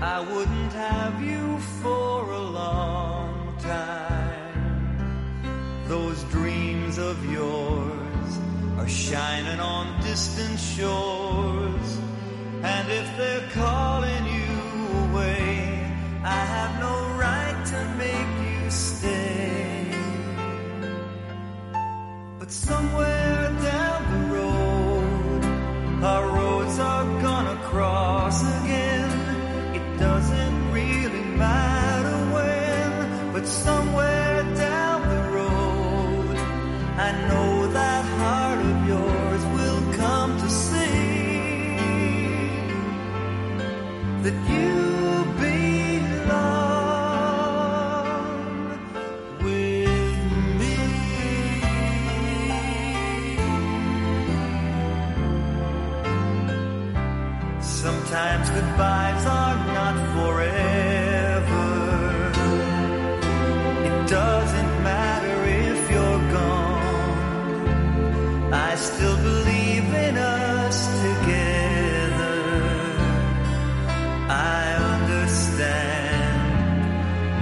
I wouldn't have you for a long time. Those dreams of yours are shining on distant shores. And if they're calling you away, I have no Somewhere down the road, our roads are gonna cross again. It doesn't really matter when, but somewhere down the road, I know that heart of yours will come to see that you. vibes are not forever. It doesn't matter if you're gone. I still believe in us together. I understand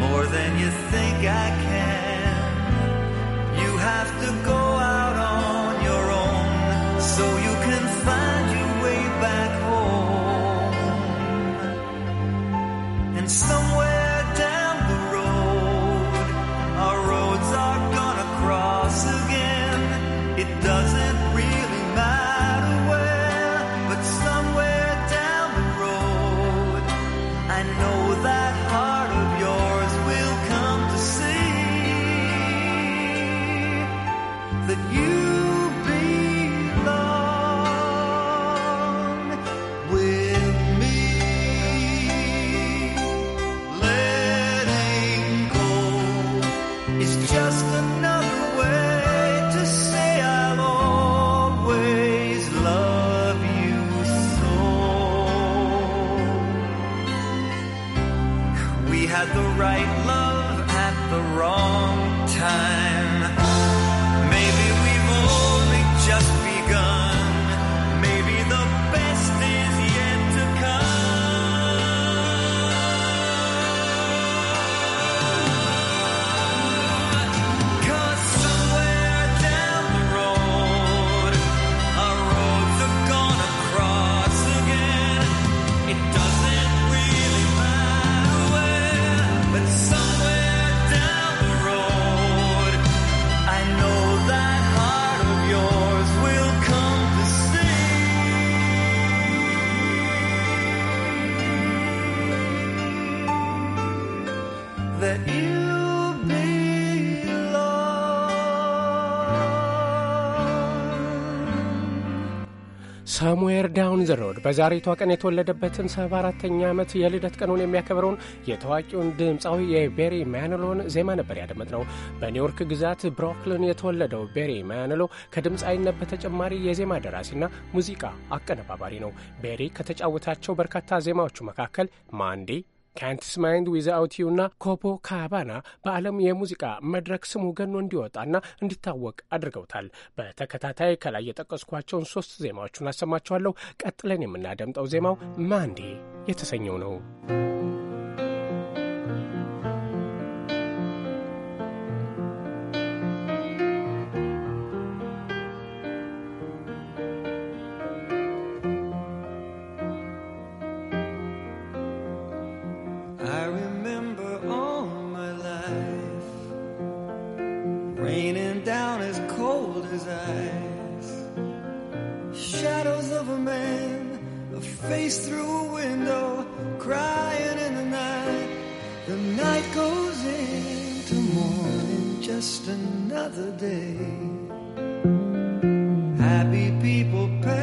more than you think I can. You have to go out on your own, so you ሰሙዌር ዳውን ዘ ሮድ በዛሬቷ ቀን የተወለደበትን 74 ተኛ ዓመት የልደት ቀኑን የሚያከብረውን የታዋቂውን ድምፃዊ የቤሪ ማኒሎን ዜማ ነበር ያደመጥነው። በኒውዮርክ ግዛት ብሮክሊን የተወለደው ቤሪ ማኒሎ ከድምፃዊነት በተጨማሪ የዜማ ደራሲና ሙዚቃ አቀነባባሪ ነው። ቤሪ ከተጫወታቸው በርካታ ዜማዎቹ መካከል ማንዴ ካንትስ ማይንድ ዊዛውት ና ኮፖ ካባና በዓለም የሙዚቃ መድረክ ስሙ ገኖ እንዲወጣና እንዲታወቅ አድርገውታል። በተከታታይ ከላይ የጠቀስኳቸውን ሶስት ዜማዎቹን አሰማችኋለሁ። ቀጥለን የምናደምጠው ዜማው ማንዴ የተሰኘው ነው። face through a window, crying in the night. The night goes into morning, just another day. Happy people pass.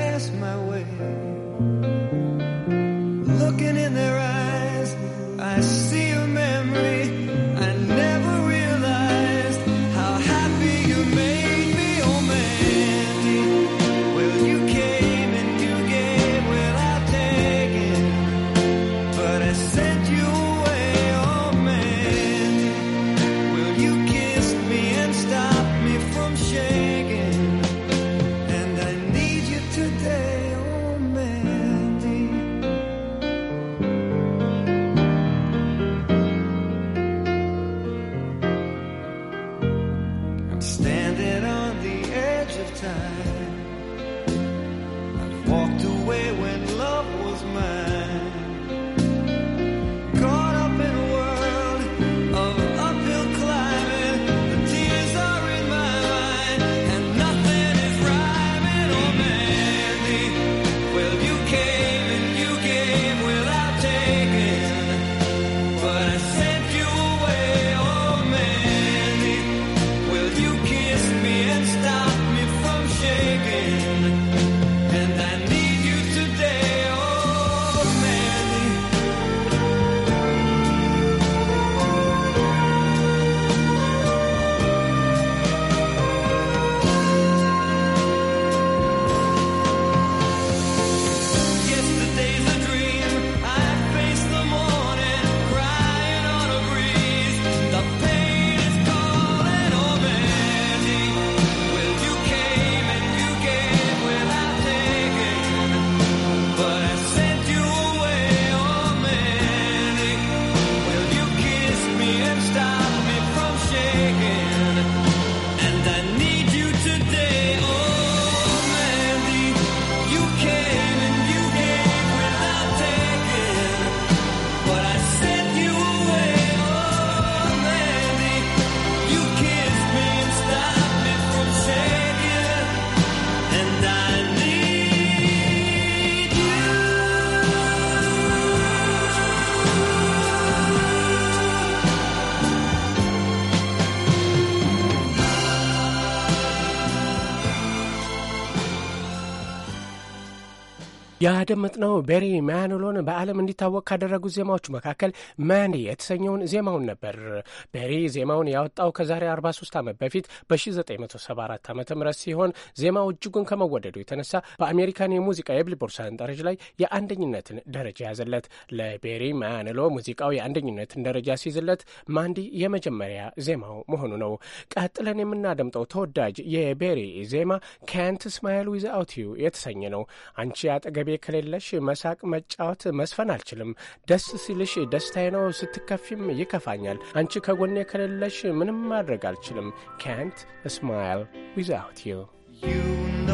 ያደመጥነው ቤሪ ማኒሎን በዓለም እንዲታወቅ ካደረጉ ዜማዎቹ መካከል ማኒ የተሰኘውን ዜማውን ነበር። ቤሪ ዜማውን ያወጣው ከዛሬ 43 ዓመት በፊት በ1974 ዓ ም ሲሆን ዜማው እጅጉን ከመወደዱ የተነሳ በአሜሪካን የሙዚቃ የብልቦር ሰንጠረዥ ላይ የአንደኝነትን ደረጃ ያዘለት። ለቤሪ ማኒሎ ሙዚቃው የአንደኝነትን ደረጃ ሲይዝለት ማንዲ የመጀመሪያ ዜማው መሆኑ ነው። ቀጥለን የምናደምጠው ተወዳጅ የቤሪ ዜማ ካንት ስማይል ዊዝ አውት ዩ የተሰኘ ነው። አንቺ አጠገቤ አጠገቤ ከሌለሽ መሳቅ፣ መጫወት፣ መስፈን አልችልም። ደስ ሲልሽ ደስታዬ ነው፣ ስትከፊም ይከፋኛል። አንቺ ከጎኔ ከሌለሽ ምንም ማድረግ አልችልም። ካንት ስማይል ዊዛውት ዩ ዩ ኖ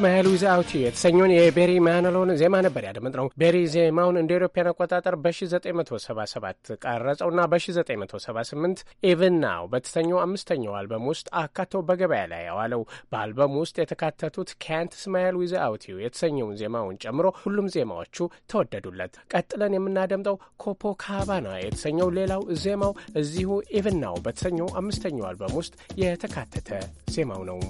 ስማይል ዊዝአውት ዩ የተሰኘውን የቤሪ ማንሎን ዜማ ነበር ያደመጥነው። ቤሪ ዜማውን እንደ ኢሮፓያን አቆጣጠር በ1977 ቀረጸውና በ1978 ኢቭን ናው በተሰኘው አምስተኛው አልበም ውስጥ አካቶ በገበያ ላይ ያዋለው። በአልበም ውስጥ የተካተቱት ካንት ስማይል ዊዝአውት ዩ የተሰኘውን ዜማውን ጨምሮ ሁሉም ዜማዎቹ ተወደዱለት። ቀጥለን የምናደምጠው ኮፖ ካባና የተሰኘው ሌላው ዜማው እዚሁ ኢቭን ናው በተሰኘው አምስተኛው አልበም ውስጥ የተካተተ ዜማው ነው።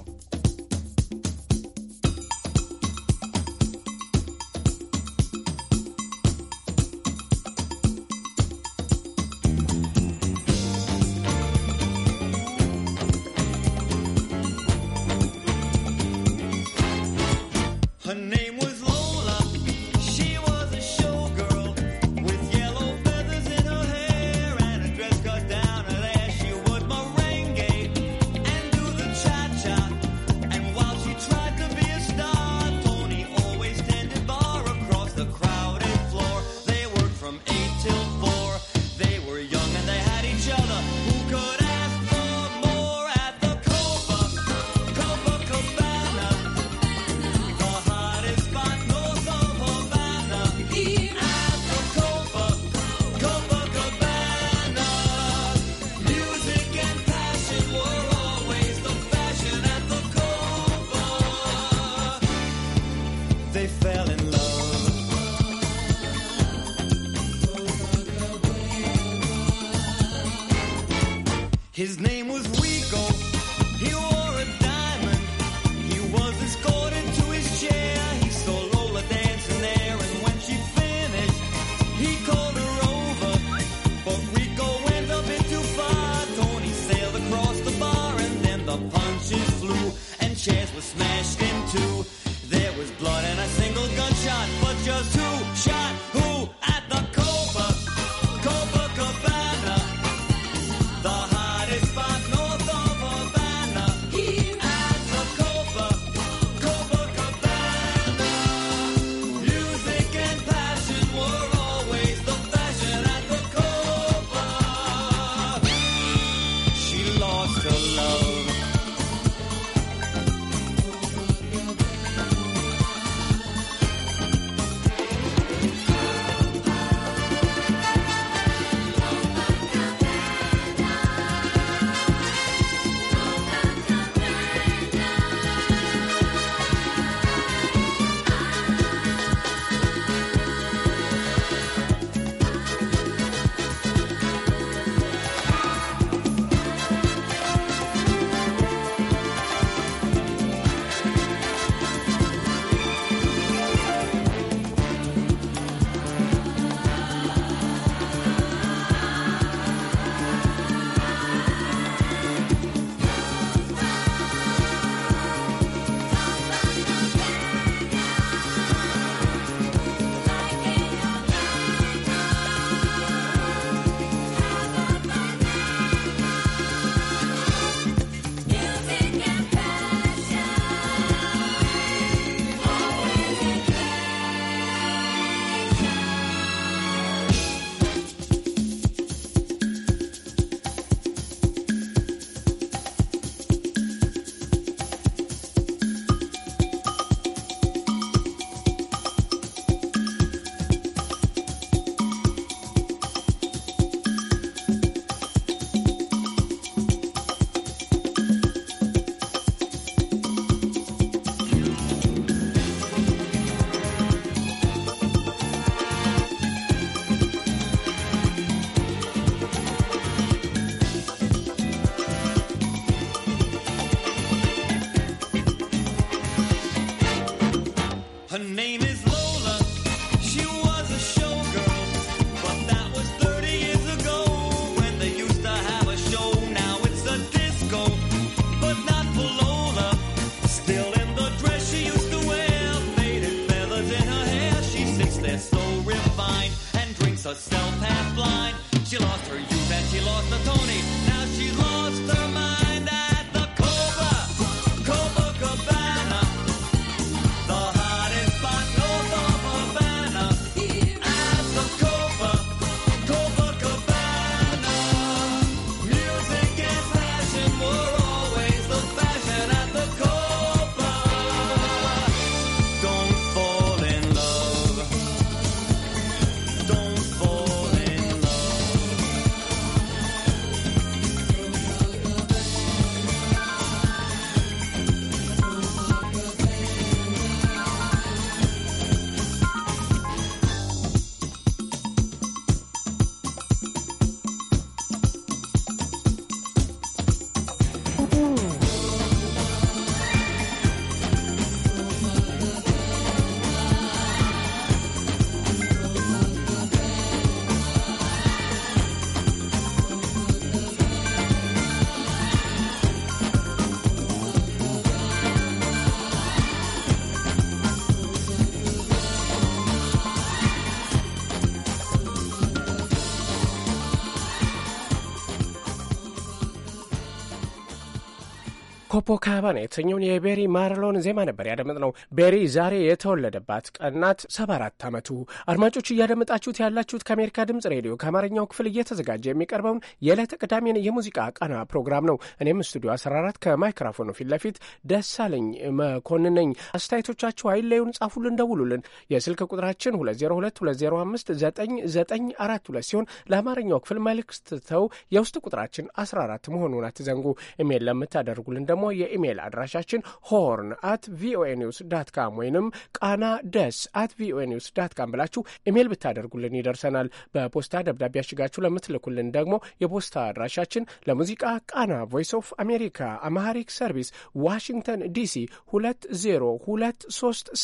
ኮፖካባና የተሰኘውን የቤሪ ማርሎን ዜማ ነበር ያደመጥነው። ቤሪ ዛሬ የተወለደባት ቀናት ናት፣ ሰባ አራት ዓመቱ። አድማጮች እያደመጣችሁት ያላችሁት ከአሜሪካ ድምጽ ሬዲዮ ከአማርኛው ክፍል እየተዘጋጀ የሚቀርበውን የዕለተ ቅዳሜን የሙዚቃ ቃና ፕሮግራም ነው። እኔም ስቱዲዮ 14 ከማይክሮፎኑ ፊት ለፊት ደሳለኝ መኮንን ነኝ። አስተያየቶቻችሁ አይለዩን፣ ጻፉልን፣ ደውሉልን። የስልክ ቁጥራችን 2022059942 ሲሆን ለአማርኛው ክፍል መልእክት ስተው የውስጥ ቁጥራችን 14 መሆኑን አትዘንጉ። ኢሜል ለምታደርጉልን ደግሞ ደግሞ የኢሜይል አድራሻችን ሆርን አት ቪኦኤ ኒውስ ዳት ካም ወይንም ቃና ደስ አት ቪኦኤ ኒውስ ዳት ካም ብላችሁ ኢሜይል ብታደርጉልን ይደርሰናል። በፖስታ ደብዳቤ ያሽጋችሁ ለምትልኩልን ደግሞ የፖስታ አድራሻችን ለሙዚቃ ቃና ቮይስ ኦፍ አሜሪካ አማሃሪክ ሰርቪስ ዋሽንግተን ዲሲ ሁለት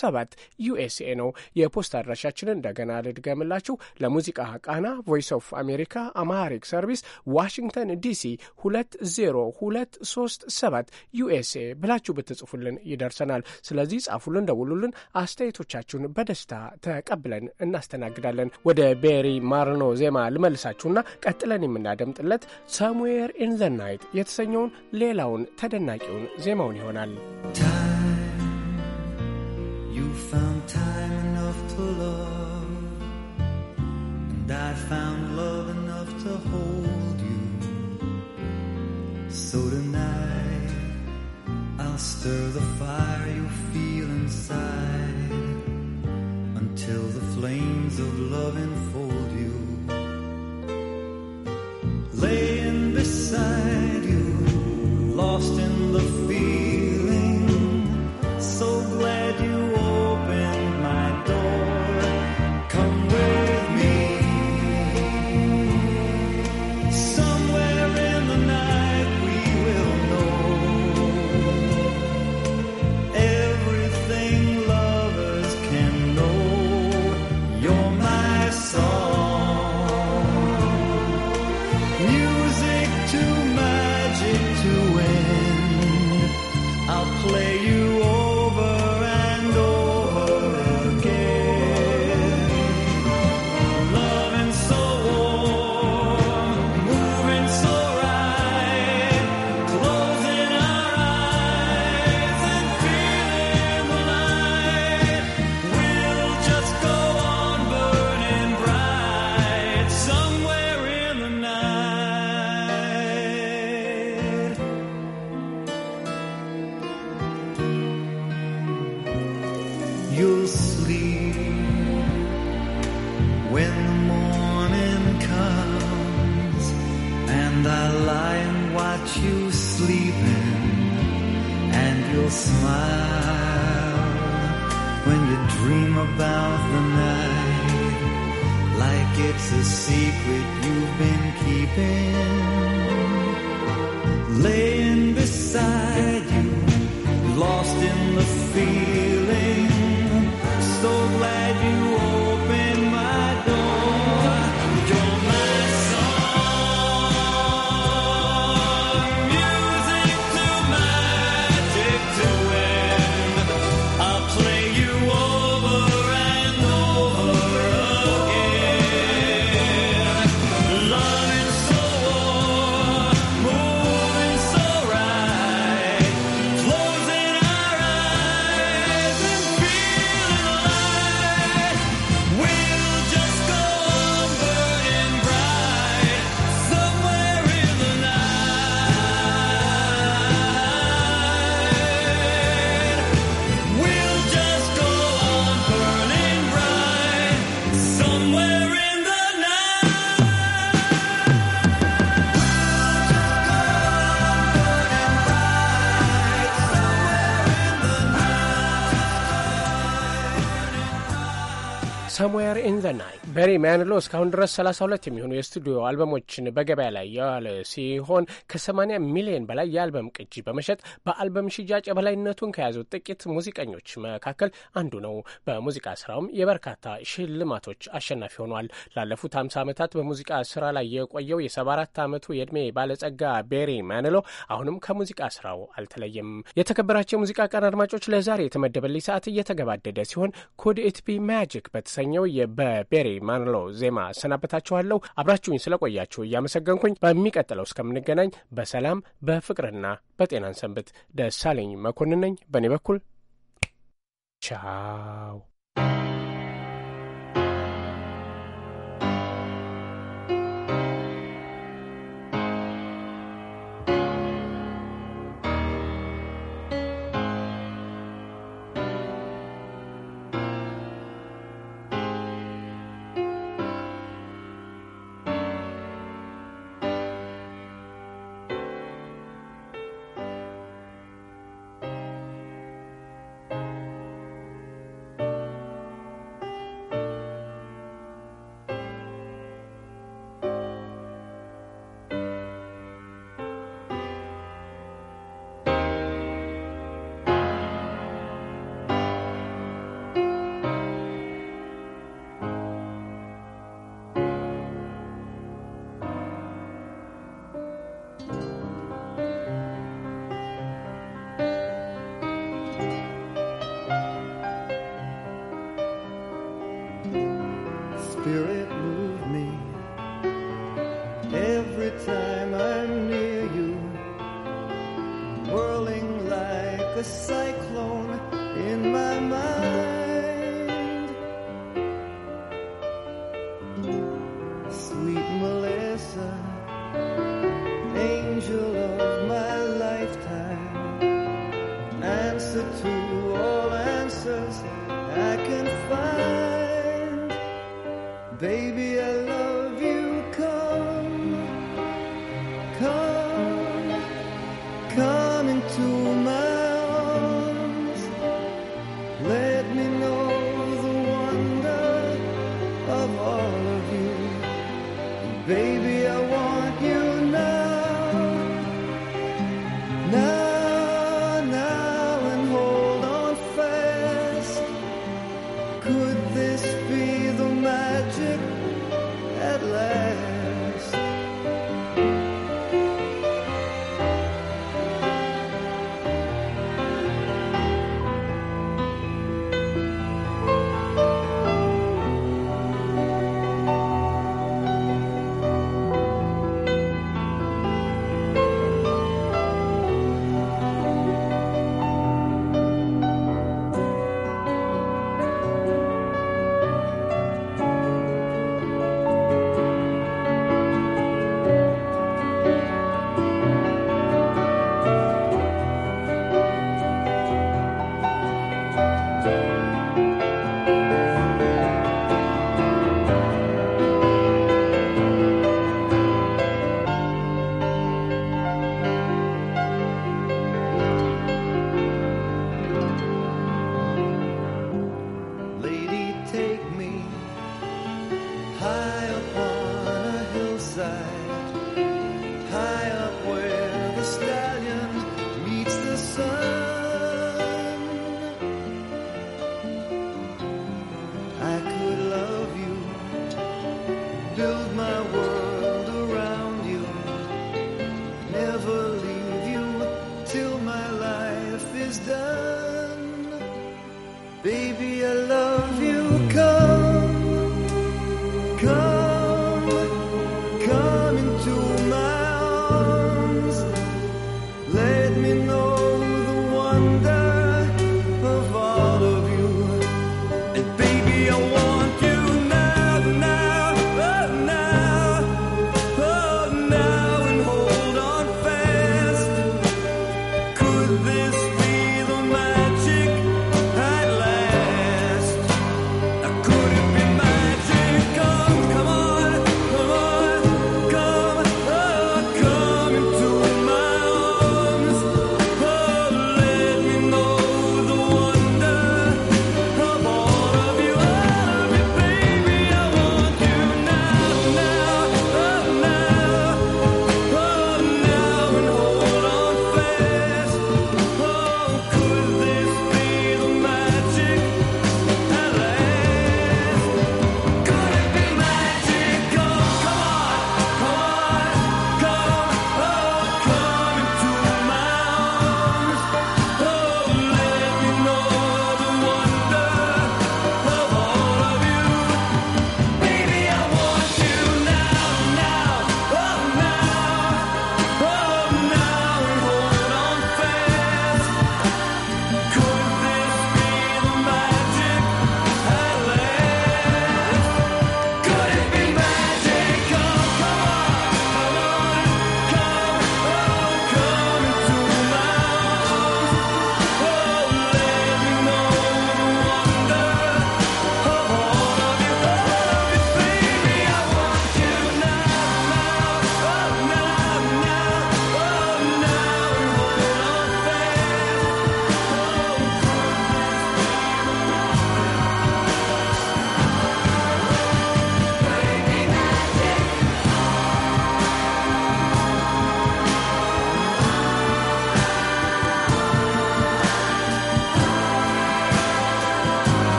ሰባት ዩኤስኤ ነው። የፖስታ አድራሻችንን እንደገና ልድገምላችሁ። ለሙዚቃ ቃና ቮይስ ኦፍ አሜሪካ አማሃሪክ ሰርቪስ ዋሽንግተን ዲሲ ሰባት ዩኤስኤ ብላችሁ ብትጽፉልን ይደርሰናል። ስለዚህ ጻፉልን፣ ደውሉልን። አስተያየቶቻችሁን በደስታ ተቀብለን እናስተናግዳለን። ወደ ቤሪ ማርኖ ዜማ ልመልሳችሁና ቀጥለን የምናደምጥለት ሰምዌር ኢን ዘ ናይት የተሰኘውን ሌላውን ተደናቂውን ዜማውን ይሆናል። I found love enough to hold you so tonight i stir the fire you feel inside until the flames of love enfold you. Laying beside you, lost in ማያንሎ እስካሁን ድረስ 32 የሚሆኑ የስቱዲዮ አልበሞችን በገበያ ላይ የዋለ ሲሆን ከ80 ሚሊዮን በላይ የአልበም ቅጂ በመሸጥ በአልበም ሽያጭ የበላይነቱን ከያዙ ጥቂት ሙዚቀኞች መካከል አንዱ ነው። በሙዚቃ ስራውም የበርካታ ሽልማቶች አሸናፊ ሆኗል። ላለፉት 50 ዓመታት በሙዚቃ ስራ ላይ የቆየው የ74 ዓመቱ የእድሜ ባለጸጋ ቤሪ ማንሎ አሁንም ከሙዚቃ ስራው አልተለየም። የተከበራቸው የሙዚቃ ቀን አድማጮች፣ ለዛሬ የተመደበልኝ ሰዓት እየተገባደደ ሲሆን ኮድ ኢት ቢ ማጂክ በተሰኘው በቤሪ ማን በጀመርነው ዜማ እሰናበታችኋለሁ። አብራችሁኝ ስለቆያችሁ እያመሰገንኩኝ በሚቀጥለው እስከምንገናኝ በሰላም በፍቅርና በጤናን ሰንብት። ደሳለኝ መኮንን ነኝ። በእኔ በኩል ቻው።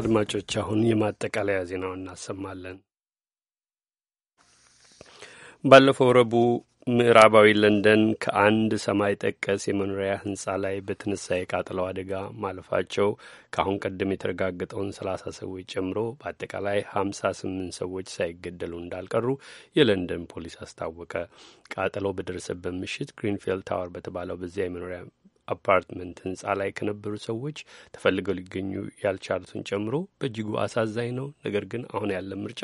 አድማጮች አሁን የማጠቃለያ ዜናው እናሰማለን። ባለፈው ረቡዕ ምዕራባዊ ለንደን ከአንድ ሰማይ ጠቀስ የመኖሪያ ህንጻ ላይ በተነሳ የቃጠለው አደጋ ማለፋቸው ከአሁን ቀደም የተረጋገጠውን ሰላሳ ሰዎች ጨምሮ በአጠቃላይ ሀምሳ ስምንት ሰዎች ሳይገደሉ እንዳልቀሩ የለንደን ፖሊስ አስታወቀ። ቃጠለው በደረሰበት ምሽት ግሪንፊልድ ታወር በተባለው በዚያ የመኖሪያ አፓርትመንት ህንፃ ላይ ከነበሩ ሰዎች ተፈልገው ሊገኙ ያልቻሉትን ጨምሮ በእጅጉ አሳዛኝ ነው፣ ነገር ግን አሁን ያለን ምርጫ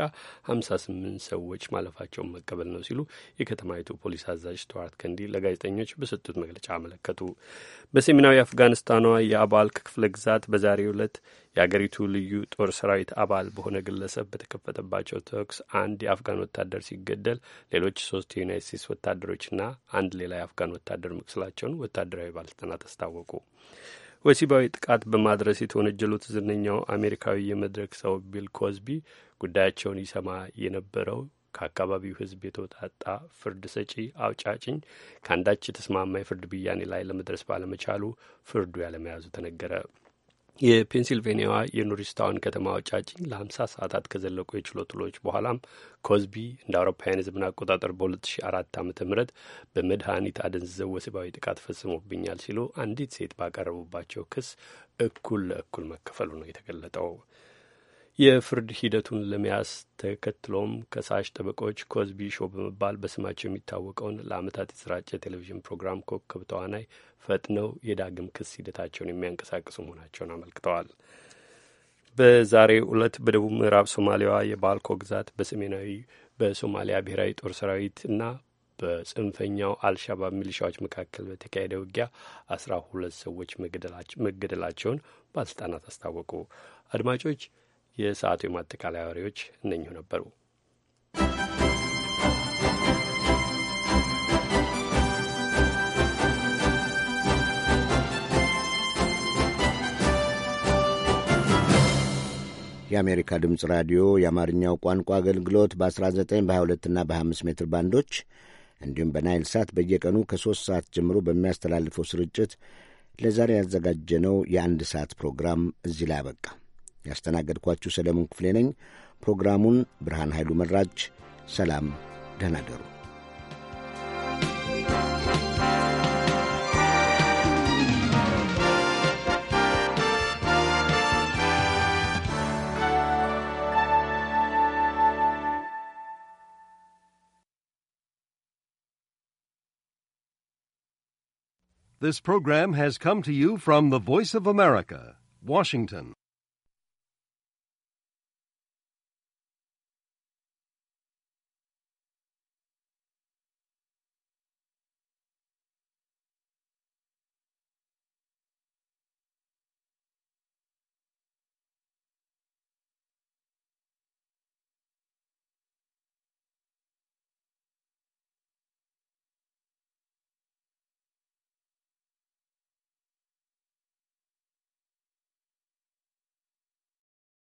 ሀምሳ ስምንት ሰዎች ማለፋቸውን መቀበል ነው ሲሉ የከተማይቱ ፖሊስ አዛዥ ተዋርት ከንዲ ለጋዜጠኞች በሰጡት መግለጫ አመለከቱ። በሰሜናዊ አፍጋኒስታኗ የአባል ክፍለ ግዛት በዛሬው ዕለት የአገሪቱ ልዩ ጦር ሰራዊት አባል በሆነ ግለሰብ በተከፈተባቸው ተኩስ አንድ የአፍጋን ወታደር ሲገደል ሌሎች ሶስት የዩናይት ስቴትስ ወታደሮችና አንድ ሌላ የአፍጋን ወታደር መቁሰላቸውን ወታደራዊ ባለስልጣናት አስታወቁ። ወሲባዊ ጥቃት በማድረስ የተወነጀሉት ዝነኛው አሜሪካዊ የመድረክ ሰው ቢል ኮዝቢ ጉዳያቸውን ይሰማ የነበረው ከአካባቢው ሕዝብ የተውጣጣ ፍርድ ሰጪ አውጫጭኝ ከአንዳች የተስማማ የፍርድ ብያኔ ላይ ለመድረስ ባለመቻሉ ፍርዱ ያለመያዙ ተነገረ። የፔንሲልቬኒያዋ የኖሪስታውን ከተማ አውጫጭኝ ለ50 ሰዓታት ከዘለቁ የችሎት ውሎች በኋላም ኮዝቢ እንደ አውሮፓውያን የዘመን አቆጣጠር በ2004 ዓ ም በመድኃኒት አደንዝዘው ወሲባዊ ጥቃት ፈጽሞብኛል ሲሉ አንዲት ሴት ባቀረቡባቸው ክስ እኩል ለእኩል መከፈሉ ነው የተገለጠው። የፍርድ ሂደቱን ለመያዝ ተከትሎም ከሳሽ ጠበቆች ኮዝቢ ሾ በመባል በስማቸው የሚታወቀውን ለዓመታት የተሰራጨ ቴሌቪዥን ፕሮግራም ኮከብ ተዋናይ ፈጥነው የዳግም ክስ ሂደታቸውን የሚያንቀሳቅሱ መሆናቸውን አመልክተዋል። በዛሬ ዕለት በደቡብ ምዕራብ ሶማሊያዋ የባልኮ ግዛት በሰሜናዊ በሶማሊያ ብሔራዊ ጦር ሰራዊት እና በጽንፈኛው አልሻባብ ሚሊሻዎች መካከል በተካሄደ ውጊያ አስራ ሁለት ሰዎች መገደላቸውን ባለስልጣናት አስታወቁ። አድማጮች የሰዓቱ የማጠቃለያ ወሬዎች እነኚሁ ነበሩ። የአሜሪካ ድምፅ ራዲዮ የአማርኛው ቋንቋ አገልግሎት በ19 በ22 እና በ25 ሜትር ባንዶች እንዲሁም በናይል ሳት በየቀኑ ከሦስት ሰዓት ጀምሮ በሚያስተላልፈው ስርጭት ለዛሬ ያዘጋጀነው የአንድ ሰዓት ፕሮግራም እዚህ ላይ አበቃ። ያስተናገድኳችሁ ሰለሞን ክፍሌ ነኝ። ፕሮግራሙን ብርሃን ኃይሉ መራች። ሰላም፣ ደህና ደሩ። This program has come to you from the Voice of America, Washington.